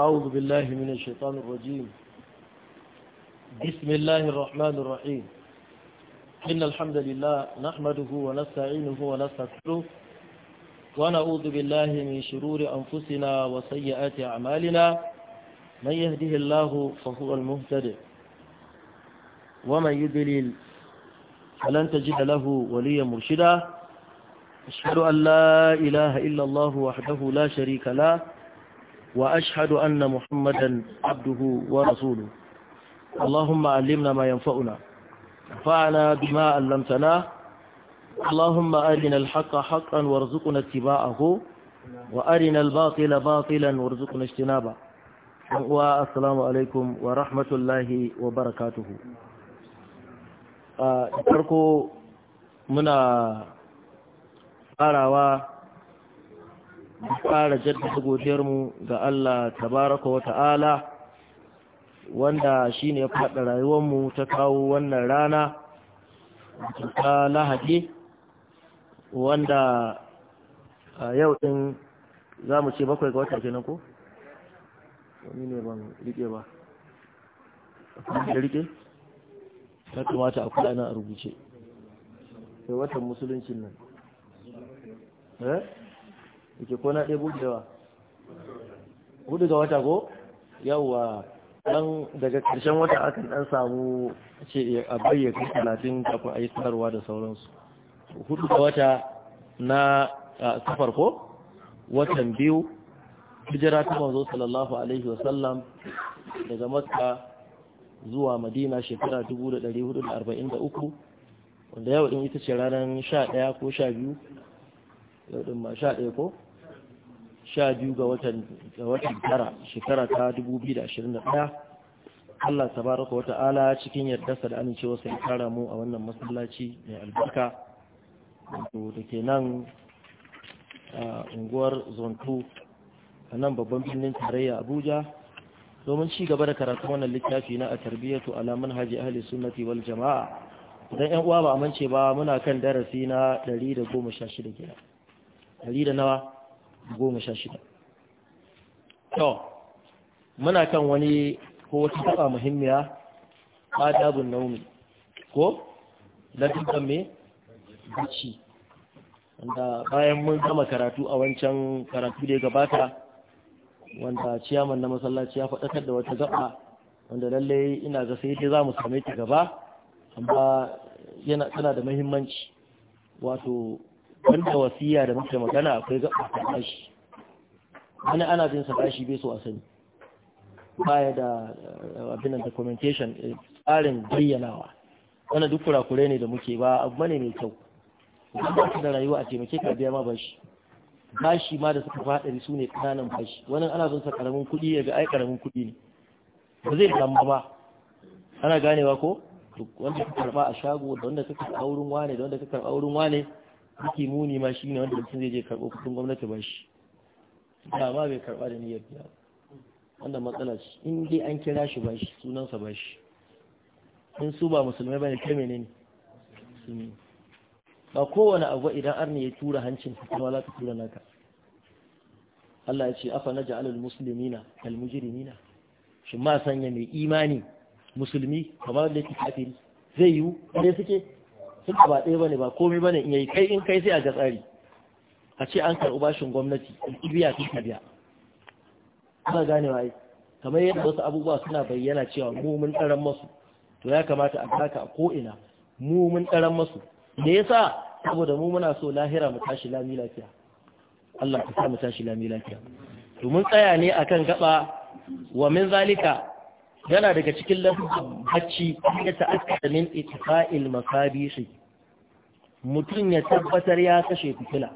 أعوذ بالله من الشيطان الرجيم بسم الله الرحمن الرحيم إن الحمد لله نحمده ونستعينه ونستغفره ونعوذ بالله من شرور أنفسنا وسيئات أعمالنا من يهده الله فهو المهتد ومن يدلل فلن تجد له وليا مرشدا أشهد أن لا إله إلا الله وحده لا شريك له وأشهد أن محمدا عبده ورسوله اللهم علمنا ما ينفعنا فعنا بما علمتنا اللهم أرنا الحق حقا وارزقنا اتباعه وأرنا الباطل باطلا وارزقنا اجتنابه والسلام عليكم ورحمة الله وبركاته farko muna farawa fara jaddada godiyarmu ga Allah tabaraka wa ta'ala wanda shi ne ya faɗa rayuwarmu ta kawo wannan rana ta lahadi wanda a yau ɗin za mu ce bakwai ga wata kenan ko? wani ne ban riƙe ba da riƙe? ta kamata a kula na a rubuce sai watan musuluncin nan eh? yake ko na ɗaya buɗewa hudu ga wata ko yawa dan daga ƙarshen wata akan dan samu ce a bayyana talatin kafin a yi sanarwa da sauransu hudu ga wata na ta farko watan biyu hijira ta manzo sallallahu alaihi wasallam daga makka zuwa madina shekara 1443 wanda yau din ita ce ranar 11 ko 12 yau din ma 11 ko sha biyu ga watan tara shekara ta 2021 Allah tabaraka wa ta'ala cikin yarda sa da amincewa sai kara mu a wannan masallaci mai albarka da ke nan a unguwar zonto a nan babban birnin tarayya abuja domin ci gaba da karatu wannan littafi na a tarbiyyatu ala manhaji ahli sunnati wal jama'a idan yan uwa ba ce ba muna kan darasi na 116 kenan 100 da nawa goma sha shida to muna kan wani ko wata taba muhimmiya adabun naumi ko ladabban me bacci wanda bayan mun gama karatu a wancan karatu da ya gabata wanda ciyaman na masallaci ya faɗakar da wata zaɓa wanda lallai ina ga sai dai za mu same ta gaba amma yana tana da mahimmanci wato wanda wasiya da muke magana akwai ga ta wani ana jin sa bashi bai so a sani baya da eh, abin da documentation eh, tsarin bayyanawa wani duk kurakure ne da muke ba abu ne mai kyau idan ba da rayuwa a taimake ka biya ma bashi bashi ma da suka faɗari su ne kananan bashi wani ana bin sa ƙaramin kuɗi ya ga ai ƙaramin kuɗi ne ba zai lamba ba ana ganewa ko wanda ka karɓa a shago da wanda ka karɓa wurin wane da wanda ka karɓa wurin wane kake muni ma shi ne wanda mutum zai je karɓo kudin gwamnati ba shi da ma bai karɓa da niyyar biya wanda matsala ce in dai an kira shi ba shi sunansa ba shi in su ba musulmai ba ne kai mene ne ba kowane abu idan arni ya tura hancin kuma za ka tura naka Allah ya ce afa na ja'alul muslimina kal mujrimina Shin ma sanya mai imani musulmi kamar da yake kafiri zai yiwu kare suke suna ba ɗaya bane ba komai bane in yayi kai in kai sai a ga tsari a ce an karɓi bashin gwamnati in biya ta tabiya gane wa ai kamar yadda wasu abubuwa suna bayyana cewa mu mun tsaran masu to ya kamata a taka a ko ina mu mun tsaran masu me yasa saboda mu muna so lahira mu tashi lami lafiya Allah ka sa mu tashi lami lafiya to mun tsaya ne akan gaba wa min zalika yana daga cikin lafazin da ya ta'akkada min itfa'il makabisi mutum ya tabbatar ya kashe fitila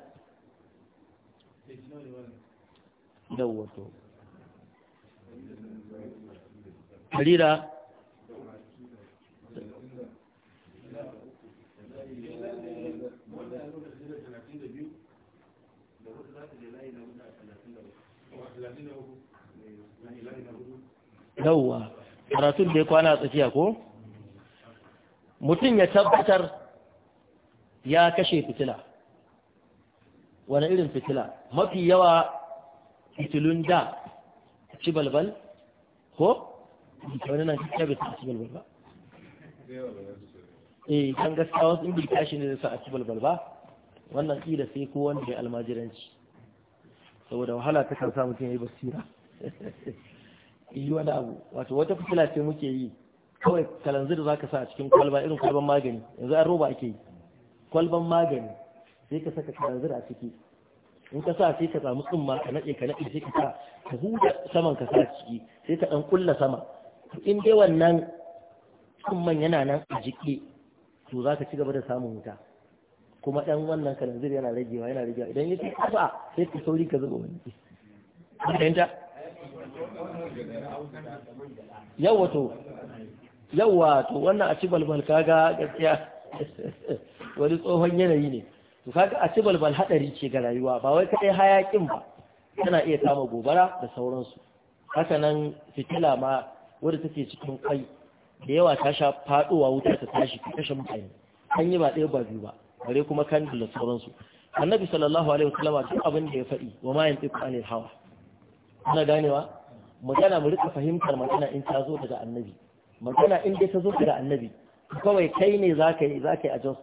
dawato harira yawwa karatun da ya kwana a tsakiya ko mutum ya tabbatar ya kashe fitila wani irin fitila mafi yawa fitilun da ci balbal ko wani nan kya bai ci balbal ba eh kan gaskiya wasu inda tashi ne sa a ci balbal ba wannan tsira sai ko wanda ya almajiranci saboda wahala ta kan sa mutum ya yi basira yi wani abu wato wata fitila ce muke yi kawai kalanzir za ka sa a cikin kwalba irin kwalban magani yanzu an roba ake yi kwalban magani sai ka saka kalanzir a ciki in ka sa sai ka samu tsumma ka naɗe ka naɗe sai ka sa ka huda saman ka sa ciki sai ka ɗan kulla sama in dai wannan tsumman yana nan a jiki to za ka ci gaba da samun wuta kuma ɗan wannan kalanzir yana ragewa yana ragewa idan ya ce kafa sai ka sauri ka zuba wani fahimta Yau to wannan a ci balbal kaga gaskiya wani tsohon yanayi ne to kaga a ci balbal hadari ce ga rayuwa ba wai kai hayakin ba tana iya kama gobara da sauransu haka nan fitila ma wadda take cikin kai da yawa ta sha faduwa wuta ta tashi ta kashe mutane an yi ba ɗaya ba biyu ba bare kuma kan da sauransu annabi sallallahu alaihi wasallam duk abin da ya faɗi wa ma yantiqu anil hawa ana ganewa magana mu rika fahimtar magana in ta zo daga annabi magana in dai ta zo daga annabi kawai kai ne za ka yi za ka yi adjust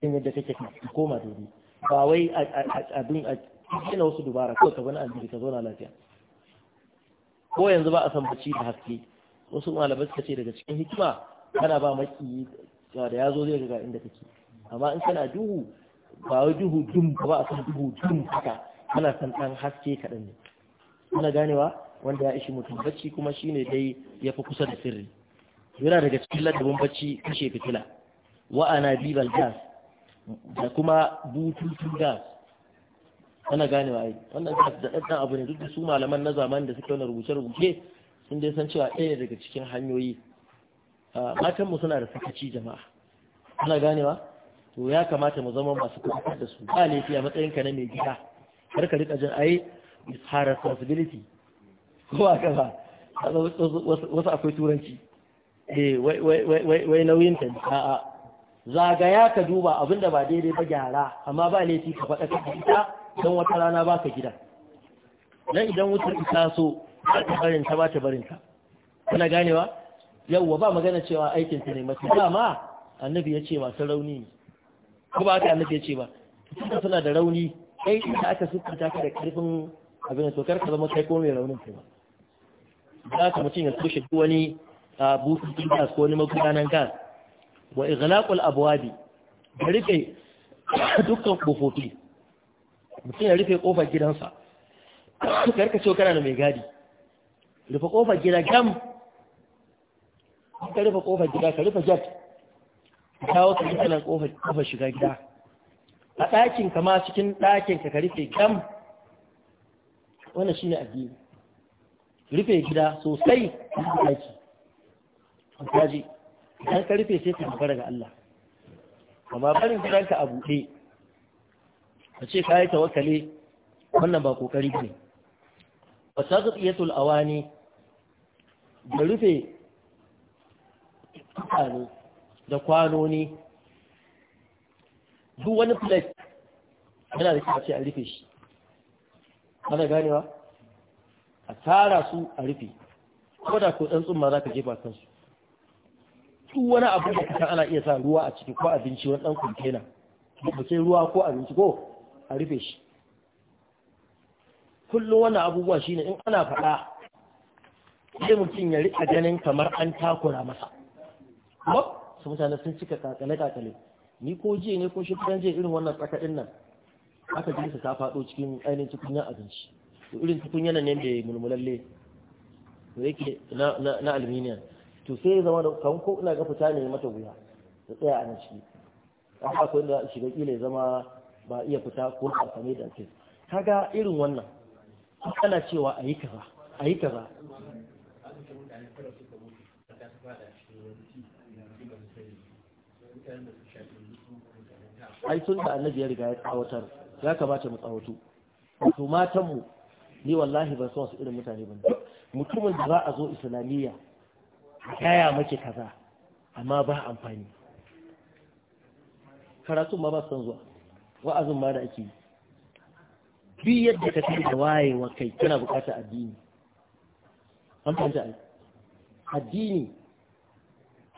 cikin yadda take ka koma daidai ba wai abin a cikin wasu dubara ko ka bani annabi ka zauna lafiya ko yanzu ba a san bacci da haske wasu malamai suka ce daga cikin hikima kana ba maki da ya zo zai ga inda kake amma in kana duhu ba wai duhu dum ba a san duhu dum haka kana san dan haske kaɗan ne kana ganewa wanda ya ishi mutum bacci kuma shine dai ya fi kusa da sirri yana daga cikin ladabin bacci kashe fitila wa ana bibal gas da kuma bututun gas ana gane wa ai wannan gas da ɗan abu ne duk da su malaman na zaman da suke wani rubuce-rubuce sun dai san cewa ɗaya daga cikin hanyoyi ah, matanmu suna da sakaci jama'a ana ganewa to ya kamata mu zama masu kuɗaɗar da su ba laifi a matsayinka na mai gida kar ka riƙa jin ai is her responsibility kowa kaza wasu akwai turanci eh, wai nauyin ta a zagaya ka duba abinda ba daidai ba gyara amma ba laifi ka faɗa ka ita don wata rana ba ka gida don idan wutar ita so ba ta barin ta ba ta barin ta kuna ganewa yawwa ba magana cewa aikin ta ne mace ma annabi ya ce masu rauni ne ko ba aka annabi ya ce ba tunda suna da rauni kai ita aka sukunta ka da karfin abin da kar ka zama kai ko mai raunin kai ba za ka mutum ya kushe duk wani bututun gas ko wani magudanan gas wa igalakul abwabi da rufe dukkan kofofi mutum ya rufe kofar gidansa karka ce kana da mai gadi rufe kofar gida gam ka rufe kofar gida ka rufe jet ka kawo ka rufe kofar shiga gida a ɗakin kama ma cikin ɗakin ka rufe gam wannan ne addini rufe gida sosai a daki kaji idan ka rufe sai ka dogara ga Allah amma barin gidanka a buɗe ka ce ka yi tawakkale wannan ba kokari ne wa tazqiyatul awani da rufe kwano da kwanoni duk wani plate yana da kyau a rufe shi ana ganewa a tara su a rufe ko da ko ɗan tsumma za ka jefa kansu duk wani abu da kasan ana iya sa ruwa a ciki ko abinci wani ɗan kwantena ba sai ruwa ko abinci ko a rufe shi kullum wannan abubuwa shine in ana faɗa sai mutum ya riƙa ganin kamar an takura masa ko su mutane sun cika kakale-kakale ni ko jiya ne ko shi irin wannan tsakaɗin nan aka ji ta faɗo cikin ainihin cikin abinci irin tukun nan ne mai mulmulalle da yake na aluminium to sai zama da kan ko ina ga fita ne mata wuya da tsaya a nan ciki an ba ko shiga kila ya zama ba iya fita ko a same da ake kaga irin wannan ana cewa a yi kaza a yi kaza ai sun da annabi ya riga ya tsawatar ya kamata mu tsawatu to matanmu ni wallahi ban san wasu irin mutane ba mutumin da za a zo islamiyya kaya make kaza amma ba amfani karatun ma ba san zuwa wa'azin ma da ake yi bi yadda ka kai da wayewa kai kana bukatar addini an fahimta ai addini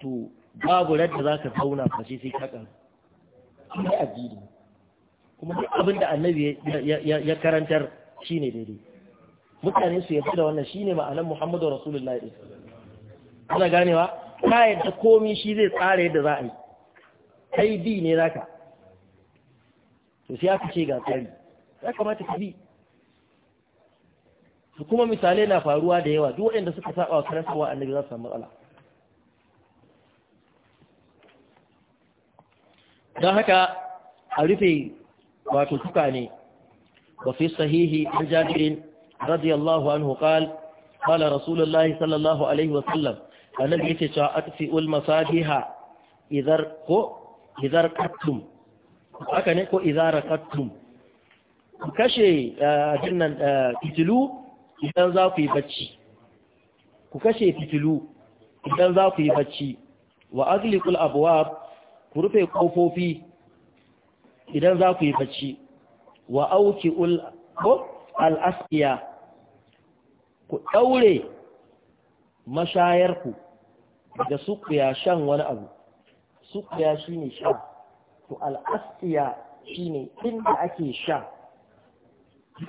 to babu radda za ka zauna fashe sai ka ƙaru kuma addini kuma duk abin da annabi ya karantar shine daidai mutane su yafi da wannan shine ma'anar Muhammadu Rasulullahi din kana ganewa ka yadda komai shi zai tsara yadda za a yi kai bi ne ka? to sai aka ce ga tsari ya kamata ka bi su kuma misalai na faruwa da yawa duk waɗanda suka saba wa karanta wa annabi za su samu matsala don haka a rufe wato tuka ne wa fi sahihi an jabirin رضي الله عنه قال قال رسول الله صلى الله عليه وسلم الذي تشاءتفئ المصابيح إذا إذا ركبتم أكن كو إذا ركبتم كشي جنن تتلو إذا ذاقي بتشي كشي تتلو إذا ذاقي بتشي وأغلق الأبواب كرفي قفوفي إذا ذاقي بتشي وأوكئ الأبواب al'asƙiya ku ɗaure mashayarku da suƙiya shan wani abu suƙiya shi ne sha to al'asƙiya shi ne inda ake sha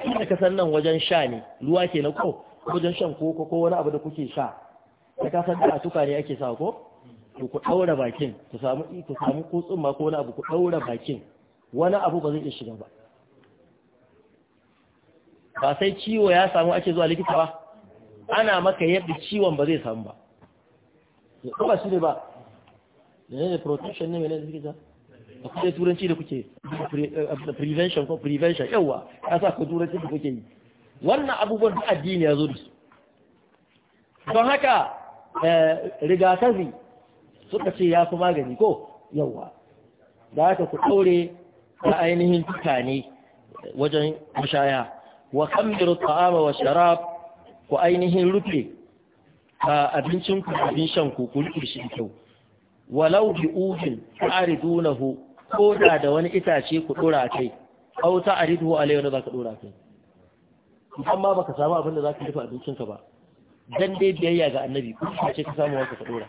inda ka san nan wajen sha ne ruwa ke na ko wajen shan koko ko wani abu da kuke sha ta kasan da tuka ne ake sa ko to ku ɗaura bakin ku samu ku samu ko tsumma ko wani abu ku ɗaura bakin wani abu ba zai iya shiga ba ba sai ciwo ya samu ake zuwa likita ba ana maka yadda ciwon ba zai samu ba ko ba su ne ba ne ne protection ne mai nan zikita a kuɗe turanci da kuke prevention ko prevention yawa ya sa ku turanci da kuke yi wannan abubuwan da addini ya zo da su don haka eh, rigakafi suka ce ya fi magani ko yawa da haka ku ɗaure ta ainihin tukane wajen mashaya wa kammiru ta'ama wa sharab ku ainihin rufe a abincin ku abin shan ku ku rufe shi kyau walau bi ufin ta'ridunahu ko da da wani itace ku dora kai aw ta'riduhu alayhi wa zaka dora kai idan ma baka samu abin da zaka rufe abincin ka ba dan dai biyayya ga annabi ku ce ka samu wanka ka dora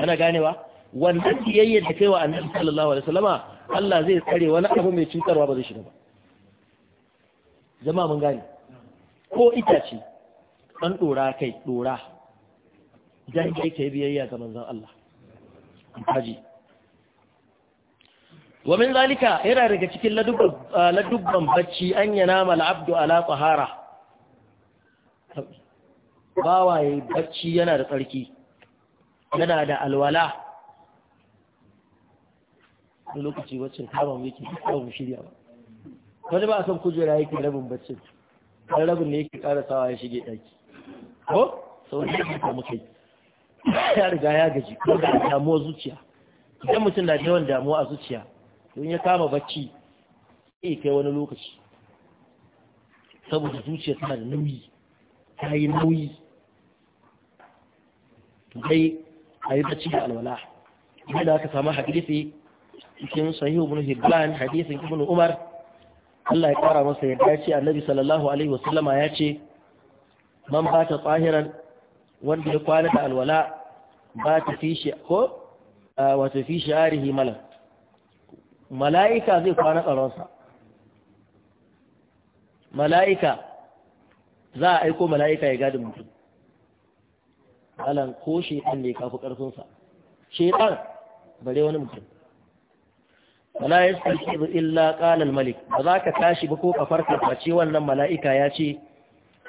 ana ganewa wannan biyayya da kai wa annabi sallallahu alaihi wasallama Allah zai tsare wani abu mai cutarwa ba zai shiga ba Zama mun gane ko itace an ɗora kai ɗora idan kai ka biyayya ga manzon Allah haji wa min zalika yana daga cikin ladubban ah, bacci an yana mal abdu ala tahara bawaye bacci yana da tsarki yana da alwala lokaci wacce kama yake kawo shirya ba wani ba a san kujera yake rabin baccin kan rabin ne yake sawa ya shige ɗaki ko sau da yake kuma kai ya riga ya gaji ko da damuwa zuciya idan mutum na yawan damuwa a zuciya don ya kama bacci sai kai wani lokaci saboda zuciya tana da nauyi ta yi nauyi dai a yi bacci da alwala idan aka samu hadisi cikin sahihu bin hibban hadisin ibn umar Allah ya kara masa ya dace annabi sallallahu alaihi wasallama ya ce man ta tsahiran wanda ya kwana da alwala ba ta fi shi ko ta fi shi'arihi mala mala'ika zai kwana tsaronsa mala'ika za a aiko mala'ika ya gadi mutum alan ko shaitan ne kafi ƙarfinsa ɗan bare wani mutum wala yastajibu illa qala al-malik ba za ka tashi ba ko ka farka ba ce wannan mala'ika ya ce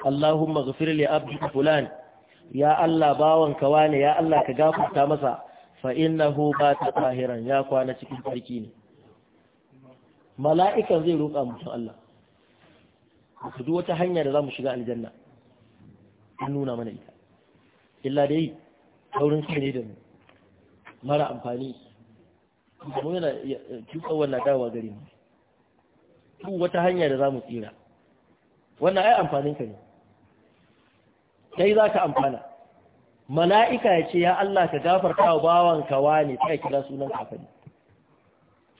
Allahumma ghfir li abdi fulan ya Allah bawan ka wane ya Allah ka gafarta masa fa innahu ba ta tahiran ya kwana cikin sarki ne mala'ikan zai roƙa mutum Allah ku duk wata hanya da zamu shiga aljanna an nuna mana ita illa dai saurin sai ne da mara amfani kuma yana eh, cutsawar na dawa gare mu duk wata hanya da za mu tsira wannan ai amfanin ka ne kai za ka amfana mala'ika ya ce ya Allah ka gafarta wa bawan kawa ne sai kira sunan kafani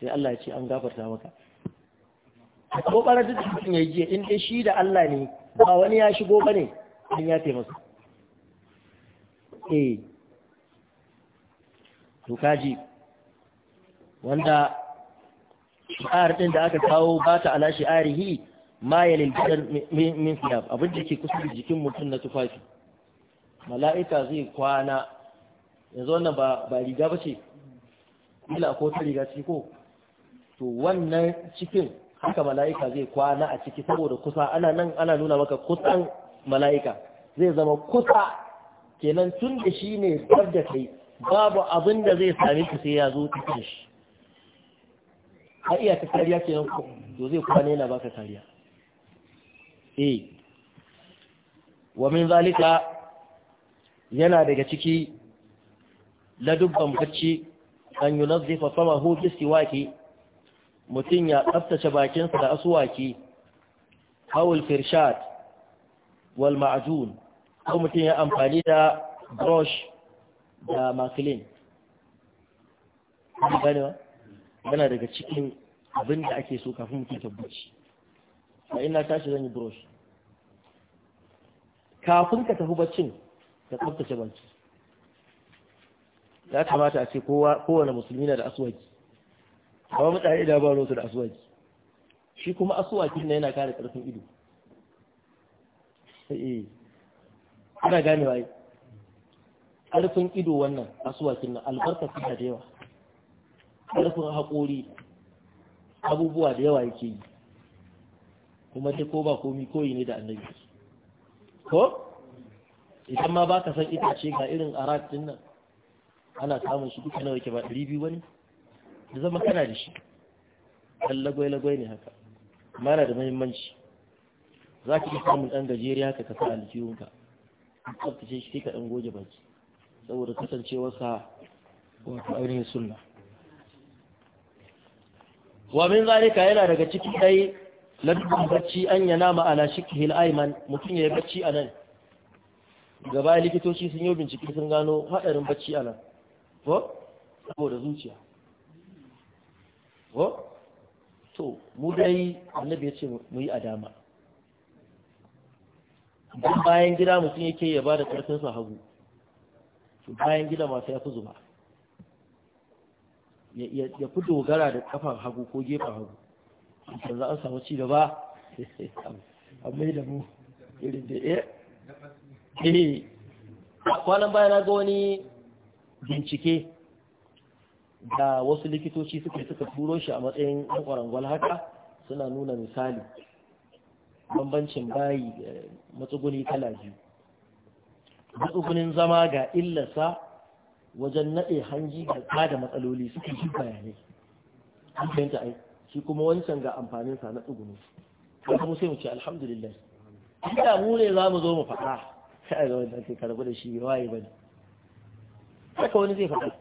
sai Allah ya ce an gafarta maka ko bara duk mutum ya ji in dai shi da Allah ne ba wani ya shigo bane in ya taimaka eh to kaji wanda shi'ar ɗin da aka kawo ba ta ala shi'arihi ma ya lilbidar min fiyab abin da ke kusa da jikin mutum na tufafi mala'ika zai kwana yanzu wannan ba riga ba ce ila ko ta riga ce ko to wannan cikin haka mala'ika zai kwana a ciki saboda kusa ana nan ana nuna maka kusan mala'ika zai zama kusa kenan tun da shi ne tsar da kai babu abin da zai sami ka sai ya zo cikin shi Ka iya ta kariya ke yanku to zai kwana yana baka kariya eh wa min zalika yana daga ciki ladubban bacci an yunazzifa famahu bi siwaki mutum ya tsaftace bakinsa da asuwaki hawul firshad wal ma'jun ko mutum ya amfani da brush da maklin gane ba yana daga cikin abin da ake so kafin mutum tabbaci a ina tashi zan yi brush kafin ka tafi baccin ka tsabtace baccin ya kamata a ce kowane musulmi na da aswaki amma mutane da ba rosu da aswaki shi kuma aswaki na yana kare karfin ido ana eh, ganewa yi karfin ido wannan aswakin na albarka suna da yawa ƙarfin haƙori abubuwa da yawa yake yi kuma dai ko ba komi koyi ne da annabi ko idan ma ba ka san itace ga irin arat din nan ana samun shi duka nawa ke ba ɗari biyu wani da zama kana da shi ɗan lagwai-lagwai ne haka mana da mahimmanci za ka iya samun ɗan gajeriya haka ka sa alfiyunka tsabtace shi ka ɗan goge baki saboda kasancewarsa wato ainihin sunna wa min zalika yana daga ciki dai ladubin bacci an yana ma'ana shikhil ayman mutum ya bacci a nan gaba likitoci sun yi bincike sun gano haɗarin bacci a nan ko saboda zuciya ko to mu dai annabi ya ce mu yi adama don bayan gida mutum yake ya ba da sa hagu bayan gida masu ya fi zuba ya fi dogara da ƙafar hagu ko gefen hagu da za a samu ci gaba a mai da mu irin da eh. Eh, kwanan baya na ga wani bincike da wasu likitoci suka suka turo shi a matsayin ɗan haka suna nuna misali bambancin bayi matsuguni kala biyu matsugunin zama ga illasa wajen naɗe hanji da tsada matsaloli suke shi bayanai an fahimta ai shi kuma wancan ga amfanin sa na tsuguni. ko kuma sai mu ce alhamdulillah inda mu ne za mu zo mu faɗa sai a ga wanda ke karɓi da shi waye bane haka wani zai faɗa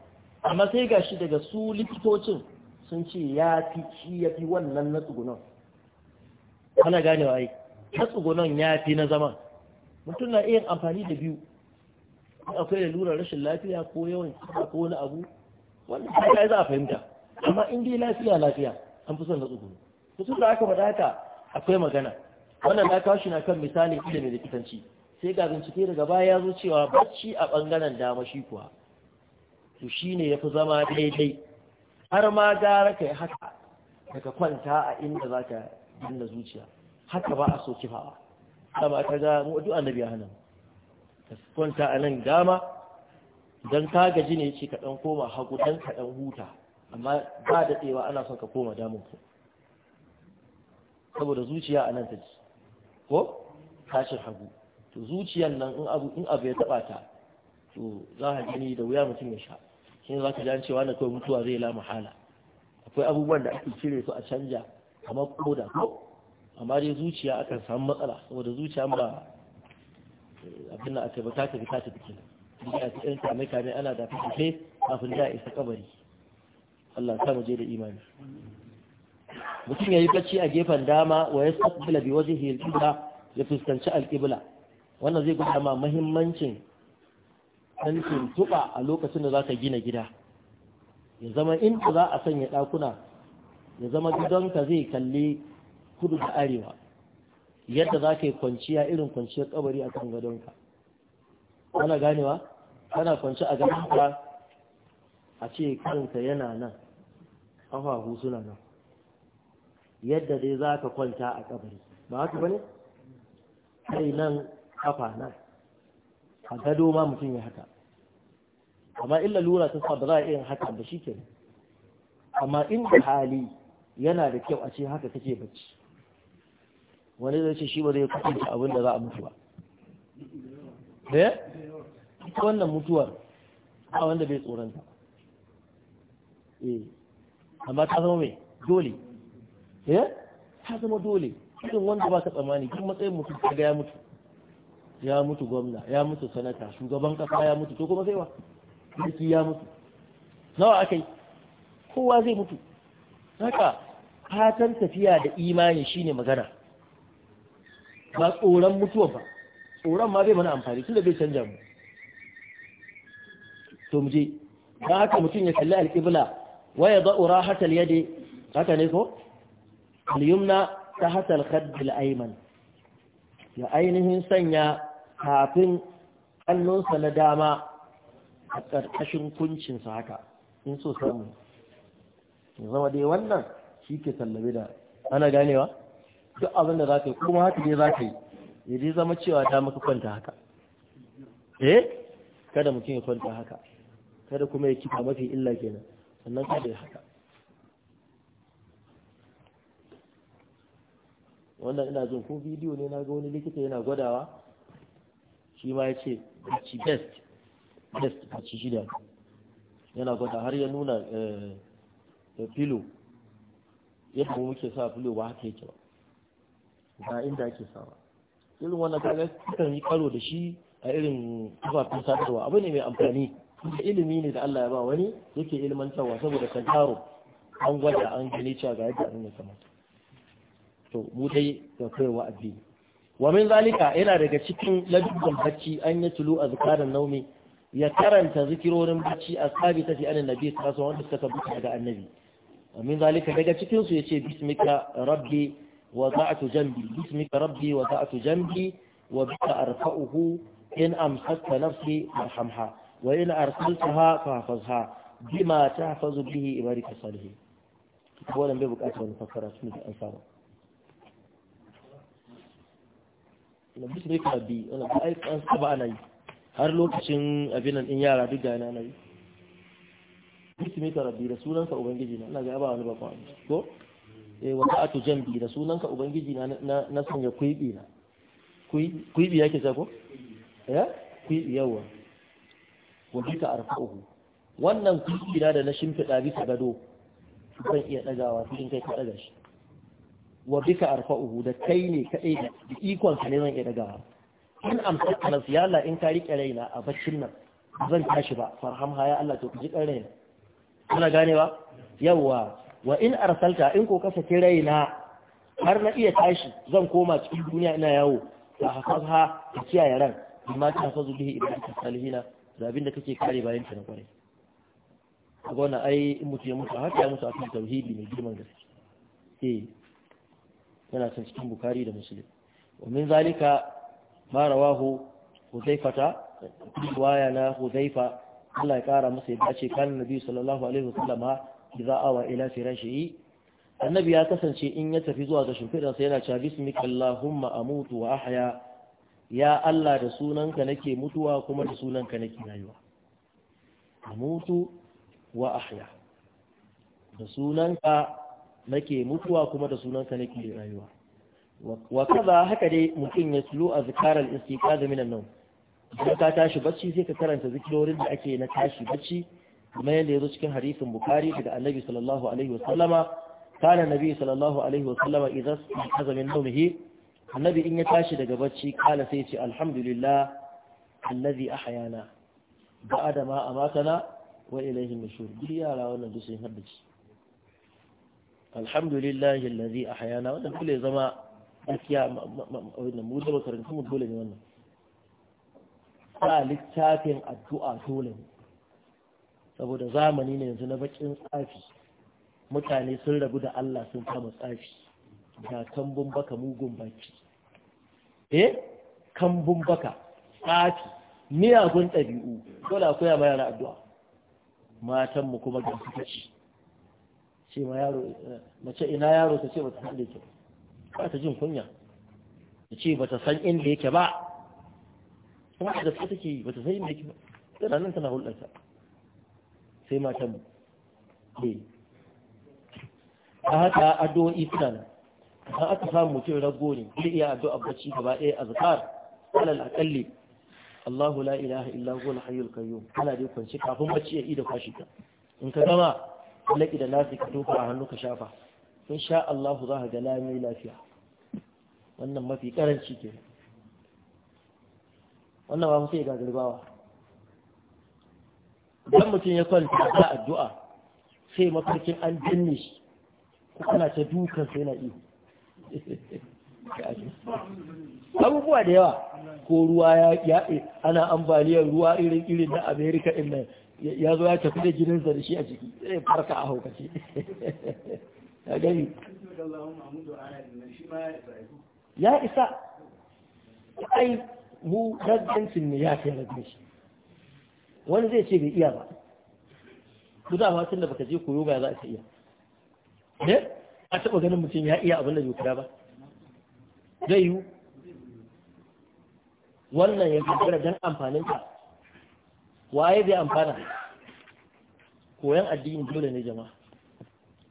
amma sai ga shi daga su likitocin sun ce ya fi shi ya fi wannan na tsugunan ana ganewa ai na tsugunan ya fi na zama mutum na iya amfani da biyu akwai lalurar rashin lafiya ko yawan ko wani abu wannan haka za a fahimta amma in dai lafiya lafiya an fi son na tsugunu kusur da aka faɗa haka akwai magana wannan na kawo shi na kan misali da likitanci sai ga bincike daga baya ya zo cewa bacci a bangaren dama shi kuwa to shi ne ya fi zama daidai har ma gara ka yi haka daga kwanta a inda za ka dinna zuciya haka ba a so kifawa amma ta ga mu'adu annabi ya hana mu ka kwanta a nan dama don ka gaji ne ce ka ɗan koma hagu dan ka ɗan huta amma ba da tsewa ana son ka koma damun ku saboda zuciya a nan ta ko tashin hagu to zuciyan nan in abu in abu ya taɓa ta to za ka gani da wuya mutum ya sha shi za ka ji cewa na kawai mutuwa zai la muhala akwai abubuwan da ake cire su a canja kamar koda ko amma dai zuciya akan samu matsala saboda zuciya ba abin da aka ba ta tafi ta tafi kenan bidiya ta ɗan kame ana da fice kafin da isa kabari Allah sa je da imani mutum ya yi bacci a gefen dama wa ya sabila bi wajen hilkida ya fuskanci alkibla wannan zai gwada ma mahimmancin ɗan tuntuɓa a lokacin da za ka gina gida ya zama in za a sanya ɗakuna ya zama gidanka zai kalli kudu da arewa yadda za ka yi kwanciya irin kwanciyar kabari a kan gadonka ana ganewa kana kwanci a gadonka a ce kanka yana nan ƙafafu suna nan yadda dai za ka kwanta a kabari ba haka ba ne? kai nan kafa nan a gado ma mutum ya haka amma illa lura ta sa ba za a iya haka ba shi ke amma inda hali yana da kyau a ce haka kake bacci wani zai ce shi ba zai kwatanta abin da za a mutu ba eh? ta wannan mutuwar a wanda bai tsoronta e amma ta zama mai dole eh ta zama dole cikin wanda ba ka tsammani duk matsayin mutum ta ga ya mutu ya mutu gwamna ya mutu sanata shugaban kasa ya mutu to kuma sai wa sarki ya mutu nawa aka yi? kowa zai mutu haka fatan tafiya da imani shine magana ba tsoron mutuwa ba tsoron ma bai mana amfani tunda bai canja mu to mu je haka mutum ya kalli alqibla wa yad'u rahatal yadi haka ne ko al-yumna tahta al-khadd ya ainihin sanya kafin hannunsa na dama a ƙarƙashin kuncinsa haka in so samu zama dai wannan shi ke da ana ganewa duk abin da za ka yi kuma haka ne za ka yi ya je zama cewa ta maka kwanta haka eh kada mutum ya kwanta haka kada kuma ya kifa mafi illa kenan sannan kada ya haka wannan ina jin ko bidiyo ne na ga wani likita yana gwadawa shi ma ya ce bacci best best bacci shida yana gwada har ya nuna filo eh, eh, yadda muke sa filo ba haka yake ba ba inda ake sawa irin wannan kaga kan yi karo da shi a irin kafafin sadarwa abu ne mai amfani ilimi ne da Allah ya ba wani yake ilmantarwa saboda kan taro an gwada an gani cewa ga yadda an yi kamata to mu dai da koyarwa addini wa min zalika yana daga cikin ladubban bacci an ya tulu azkaran naumi ya karanta zikirorin bacci a sabita fi annabi sallallahu alaihi wasallam wanda suka tabbata daga annabi min zalika daga cikin su yace bismika rabbi وضعت جنبي باسمك ربي وضعت جنبي وبك أرفعه إن أمسكت نفسي فارحمها وإن أرسلتها فاحفظها بما تحفظ به إبارك الصالحين أولا بيبك أسوأ نفكر أسمك أنصاره باسمك ربي أنا بأيك أنصب أنا har lokacin abinan ɗin yara duk da na yi. Bismika rabbi da sunansa Ubangiji na, ina ga ba wani bakon ko? Eh, wata atu jambi da ka ubangiji na na sanya kuibi na kuibi yake ce ko eh kuibi yawa wa bika arfa'uhu wannan kuibi na da na shimfiɗa bisa gado zan iya dagawa cikin kai ka daga shi wa bika arfa'uhu da kai ne kadai da ikon ka ne zan iya dagawa in amsaka na yalla in ka rike raina a baccin nan zan tashi ba farhamha ya Allah to ji kan kana ganewa yawa wa in arsalta in ko kasa saki raina har na iya tashi zan koma cikin duniya ina yawo ta hafafa ta kiyaye ran amma ta hafazu zubi idan ka salihina zabin da kake kare bayan ta na kwarai kaga wannan ai in mutu ya mutu haka ya mutu akan tauhidi mai girman gaske eh yana san cikin bukari da muslim wa min zalika ma rawahu huzaifata riwaya na huzaifa Allah ya kara masa ya dace kan nabi sallallahu alaihi wasallama idza awa ila firashihi annabi ya kasance in ya tafi zuwa ga shimfidan sa yana cewa bismikallahumma amutu wa ahya ya Allah da sunanka nake mutuwa kuma da sunanka nake rayuwa amutu wa ahya da sunanka nake mutuwa kuma da sunanka nake rayuwa wa kaza haka dai mutum ya tulu azkar al-istiqaz min an-nawm idan ka tashi bacci sai ka karanta zikirorin da ake na tashi bacci kuma yadda ya zo cikin hadisin bukari daga annabi sallallahu alaihi wasallama kana nabi sallallahu alaihi wasallama idan kaza min nawmihi annabi in ya tashi daga bacci kala sai ce alhamdulillah allazi ahyana ba'da ma amatana wa ilayhi nushur bi yara wannan duk sun haddace alhamdulillah allazi ahyana wannan kule zama gaskiya wannan mu da karanta mu dole ne wannan a littafin addu'a dole ne saboda zamani ne yanzu na bakin tsafi mutane sun rabu da Allah sun kama tsafi da kambun baka mugun baki eh kambun baka tsafi miyagun ɗabi'u dole ku ya mayar addu'a matan mu kuma ga suka ci ce ma yaro mace ina yaro ta ce ba ta san da yake ba ta jin kunya ta ce ba ta san inda yake ba kuma da su take ba ta san inda yake ba tana nan tana hulɗarta sai matan ne a haka addu'o'i suna an aka samu mutum rago ne zai iya addu'a bacci gaba ɗaya a zakar alal akalli Allahu la ilaha illa huwa al-hayyul qayyum kana dai kwanci kafin bacci ya yi da kwashi ka in ka gama laki da lafi ka tofa a hannu ka shafa in sha Allah za ka ga lami lafiya wannan mafi karanci ke wannan ba mu sai ga garbawa idan mutum ya kwanta da addu'a sai mafarkin an danne shi ko ana ta dukan sai na ihu abubuwa da yawa ko ruwa ya yaɗe ana ambaliyar ruwa irin irin na amerika din nan ya zo ya tafi da jininsa da shi a ciki sai farka a haukace ya gani ya isa ai mu raddancin ne ya kai shi. wani zai ce bai iya ba ku da tun da baka je koyo ba za ka iya ne eh? a taɓa ganin mutum ya iya abin da bai kula ba zai yiwu wannan ya gagara don amfanin ka waye zai amfana koyon addini dole ne jama'a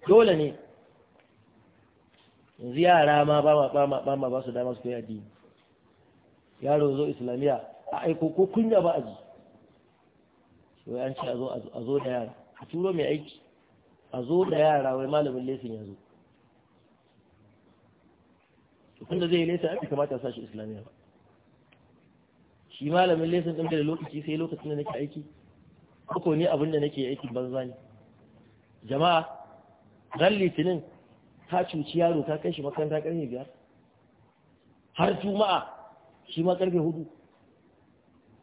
dole ne yanzu yara ma ba ma ba su dama su koyi addini yaro zo islamiyya a aiko ko kunya ba a ji wai an ce a zo da yara a turo mai aiki a zo da yara wai malamin lesin ya zo tunda zai yi lesin aka kamata sashi islamiyya ba shi malamin lesin ɗin da lokaci sai lokacin da nake aiki ko ne abin da nake aiki banza ne jama'a ran litinin ka cuci yaro ka kai shi makaranta karfe biyar har juma'a shi ma karfe hudu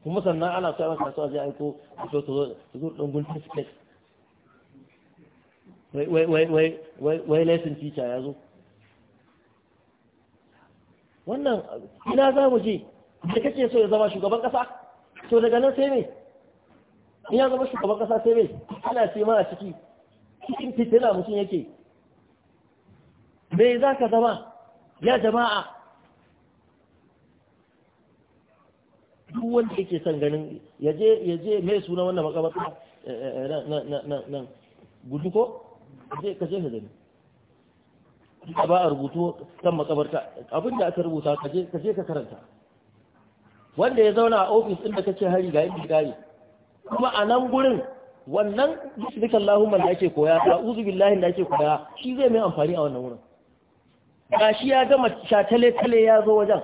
kuma sannan ana sa masa kasuwa zai aiko a so ta zo ɗan guntun siket wai lesson teacher ya zo wannan ina za mu je da kace so ya zama shugaban kasa to daga nan sai me in ya zama shugaban kasa sai me ana ce ma a ciki cikin fitina mutum yake me za ka zama ya jama'a duk wanda yake son ganin yaje yaje mai suna wannan makabarta eh, eh, eh, na gudu ko je ka je ka gani ka ba a rubutu kan makabarta da aka rubuta kaje kaje ka karanta wanda ya zauna a ofis din da kace hari ga inda gari kuma a nan gurin wannan bismillahumma da ake koya a'udhu billahi da ake koya shi zai mai amfani a wannan wurin shi ya gama shatale tale ya zo wajen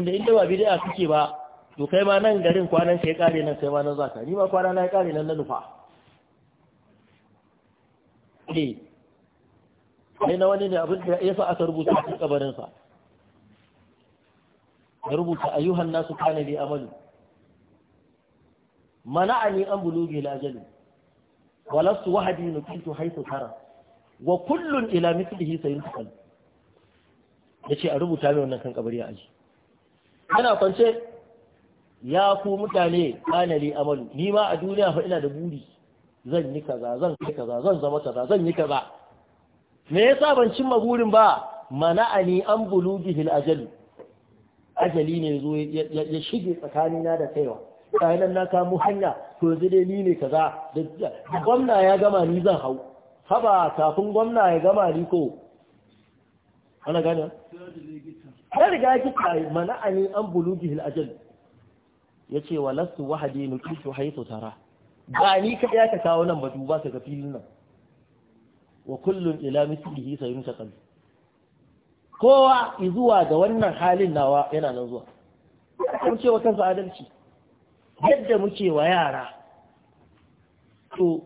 inda inda ba bid'a suke ba to kai ma nan garin kwanan sai ya kare nan sai ma nan zaka ni ma kwana na ya kare nan na nufa eh kai na wani ne abin da ya sa aka rubuta a cikin kabarin sa ya rubuta ayuhan nasu kana bi amalu mana'ani an bulugi al-ajali walastu wahadi nukitu haythu tara wa kullun ila mithlihi sayuntaqal yace a rubuta mai wannan kan kabari a aji yana kwance ya ku mutane kanali amalu ni ma a duniya fa ina da buri zan yi kaza zan yi kaza zan zama kaza zan yi kaza me yasa ban cimma burin ba mana ani an bulughil ajal ajali ne zo ya shige tsakanina da kaiwa nan na kamo hanya to yanzu dai ni ne kaza da gwamna ya gama ni zan hau haba kafin gwamna ya gama ni ko ana gane har riga ya mana ani an buluji hil ya ce wa wahdi wahadi nukisu haitu tara ba ni ka ya ka kawo nan ba duba ka ga filin nan wa kullun ila mithlihi sayuntaqal kowa zuwa ga wannan halin nawa yana nan zuwa kun ce wa kansa adalci yadda muke wa yara to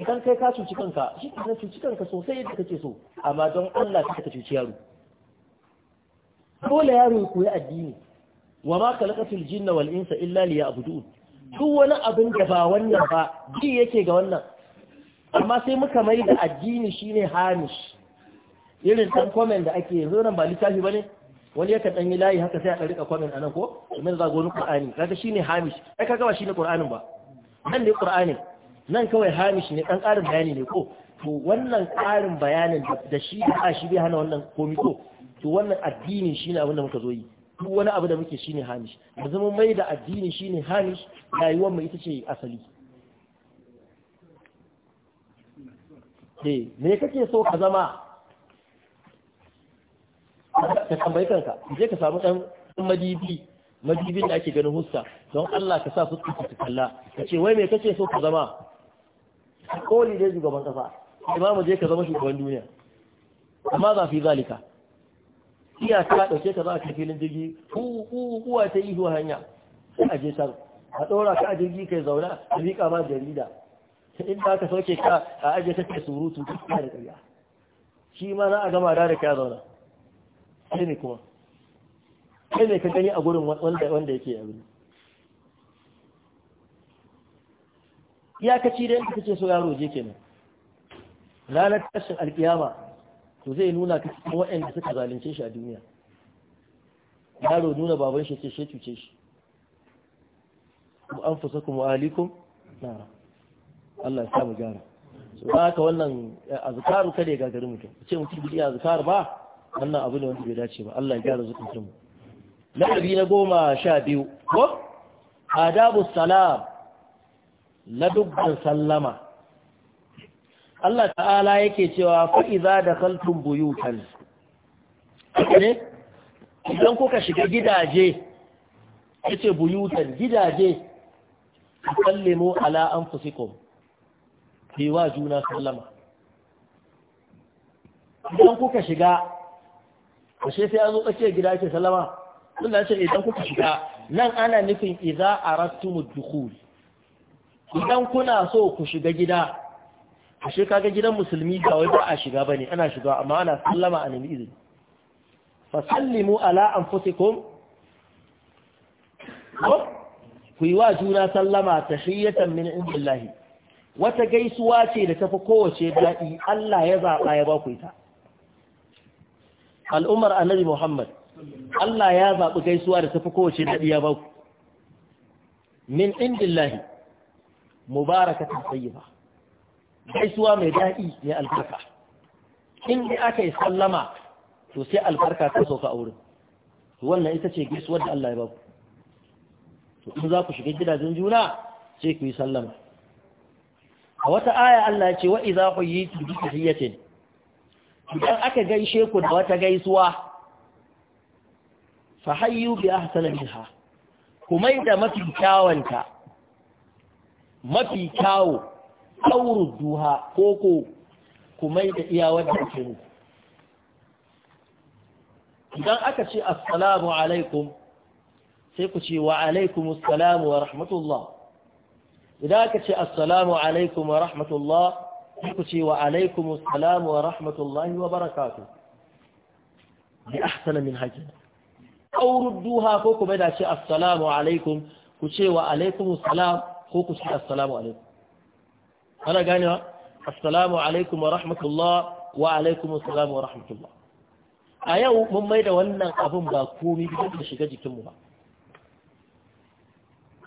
idan kai ka cuci kanka shi ka cuci kanka sosai yadda kake so amma don Allah ka cuci yaro dole yaro ya koyi addini wa ma khalaqatul jinna wal insa illa liya'budun duk wani abin da ba wannan ba ji yake ga wannan amma sai muka mai da addini shine hamish irin dan comment da ake yanzu nan ba littafi bane wani yakan dan yi layi haka sai a rika comment anan ko kamar za ni qur'ani kaga shine hamish kai kaga ba shine qur'anin ba nan ne qur'ani nan kawai hamish ne dan karin bayani ne ko to wannan karin bayanin da shi da shi bai hana wannan komi ko to wannan addini shine abin da muka zo yi duk wani abu da muke shine hamish yanzu mun mai da addini shine hamish rayuwar mu ita ce asali eh me kake so ka zama ka tambaye kanka je ka samu dan madibi madibin da ake ganin hussa don Allah ka sa su ka kalla ka ce wai me kake so ka zama koli dai shugaban kasa imamu je ka zama shugaban duniya amma za fi zalika iya ta ɗauke ka za a filin jirgi kuwa ta ihu hanya sai a je can a ɗora ka a jirgi kai zauna a miƙa ma jarida in da ka sauke ka a aje ta ke surutu duk da ƙarya shi ma za a gama da da ka zauna sai ne kuma kai ne ka gani a gurin wanda wanda yake gurin iyakaci da yanka kace so yaro je kenan ranar tashin alkiyama to zai nuna ka cikin waɗanda suka zalunce shi a duniya yaro nuna baban shi ce shi cuce shi an fusa kuma alikum na Allah ya samu gyara so ba haka wannan eh, azkaru kada ya gagari mutum ce mutum bi azukaru ba wannan abu ne wanda bai dace ba Allah ya gyara zukuncin mu ladabi na goma sha biyu ko adabu salam dubban sallama Allah ta'ala yake cewa fa'iza da kaltun buyutan ne idan kuka shiga gidaje yace buyutan gidaje sallimu ala anfusikum wa juna sallama idan kuka shiga ashe sai an zo tsakiyar gida yake sallama Allah ce idan kuka shiga nan ana nufin idza aratumud dukhul idan kuna so ku shiga gida ashe kaga gidan musulmi ga wai ba a shiga bane ana shiga amma ana sallama a nemi izini fa sallimu ala anfusikum ku yi wa juna sallama ta tahiyatan min indillahi wata gaisuwa ce da tafi kowace daɗi Allah ya zaɓa ya ba ku ita al'ummar annabi Muhammad Allah ya zaɓi gaisuwa da tafi kowace daɗi ya ba ku min indillahi mubarakatan tayyiba gaisuwa mai daɗi ne albarka in da aka yi sallama to sai albarka ta sauka a wurin wannan ita ce gaisuwar da Allah ya baku to in za ku shiga gidajen juna sai ku yi sallama a wata aya Allah ya ce wa idza quyitu bi tahiyatin idan aka gaishe ku da wata gaisuwa fa hayyu bi ahsani minha kuma da mafi kyawanta mafi kyawo auru duha ko ko ku mai da iya wadda ake mu idan aka ce assalamu alaikum sai ku ce wa alaikum assalamu wa rahmatullah idan aka ce assalamu alaikum wa rahmatullah sai ku ce wa alaikum assalamu wa rahmatullahi wa barakatuh bi ahsana min hajjina auru duha ko ku mai da ce assalamu alaikum ku ce wa alaikum assalam ko ku ce assalamu alaikum ana ganewa assalamu alaikum wa rahmatullah wa alaikum assalamu wa rahmatullah a yau mun mai da wannan abin ba komi bidan da shiga jikinmu ba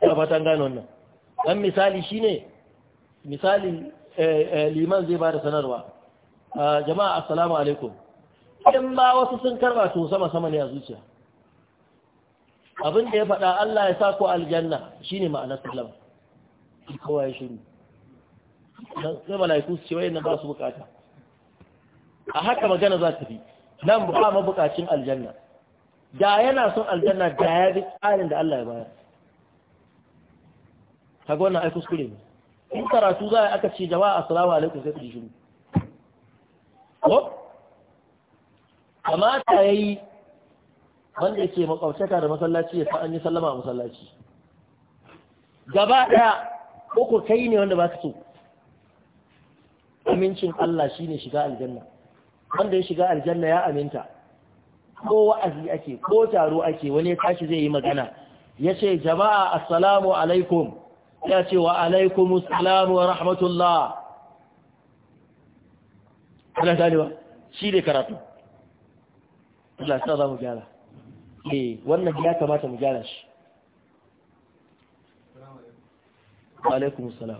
ya fata gane wannan dan misali shine misali eh, eh, liman zai bada sanarwa ah, jama'a assalamu alaikum in ba wasu sun karba to sama sama ne a zuciya abin da ya faɗa Allah ya sa ku aljanna shine ma'anar sallama kowa ya shiru na sai malaiku su ce na ba su bukata a haka magana za ta fi nan ba ma bukacin aljanna da yana son aljanna da ya bi tsarin da Allah ya bayar kaga wannan ai kuskure ne in karatu za a aka ce 'A assalamu alaikum sai ku ji shiru ko kamata yi wanda yake makwabtaka da masallaci ya san an yi sallama a masallaci gaba ɗaya ko kai ne wanda ba ka so amincin Allah shi ne shiga aljanna wanda ya shiga aljanna ya aminta ko wa'azi ake ko taro ake wani ya tashi zai yi magana Ya ce jama'a assalamu alaikum ya ce wa alaikum salam wa rahmatullah ana ganewa shi ne karatu Allah sa za mu gyara eh wannan ya kamata mu gyara shi wa alaikum salam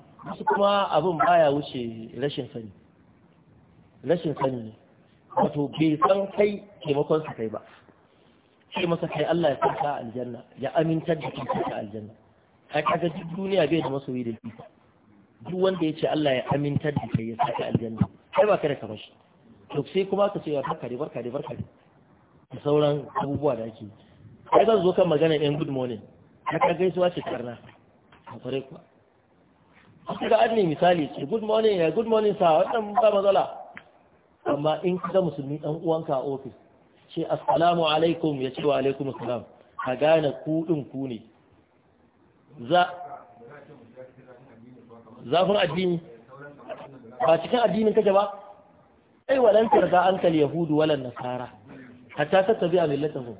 wasu kuma abin baya wuce rashin sani rashin sani ne wato bai san kai taimakon sa kai ba sai masa kai Allah ya san ka aljanna ya amintar da kai ka aljanna kai kaga duk duniya bai da masoyi da kika duk wanda ya ce Allah ya amintar da kai ya sa ka aljanna kai ba ka da shi to sai kuma ka ce ya barka da barka da barka da sauran abubuwa da ake kai zan zo kan magana in good morning ka gaisuwa ce karna a kware kuwa ga adini misali ce good morning ya good morning sa wannan ba matsala amma in kaga musulmi dan uwanka a ofis ce assalamu alaikum ya ce wa alaikum assalam ka gane ku din ku ne za zafin addini ba cikin addinin kake ba ai walanta tarda an yahudu walan nasara hatta tabi a millatahum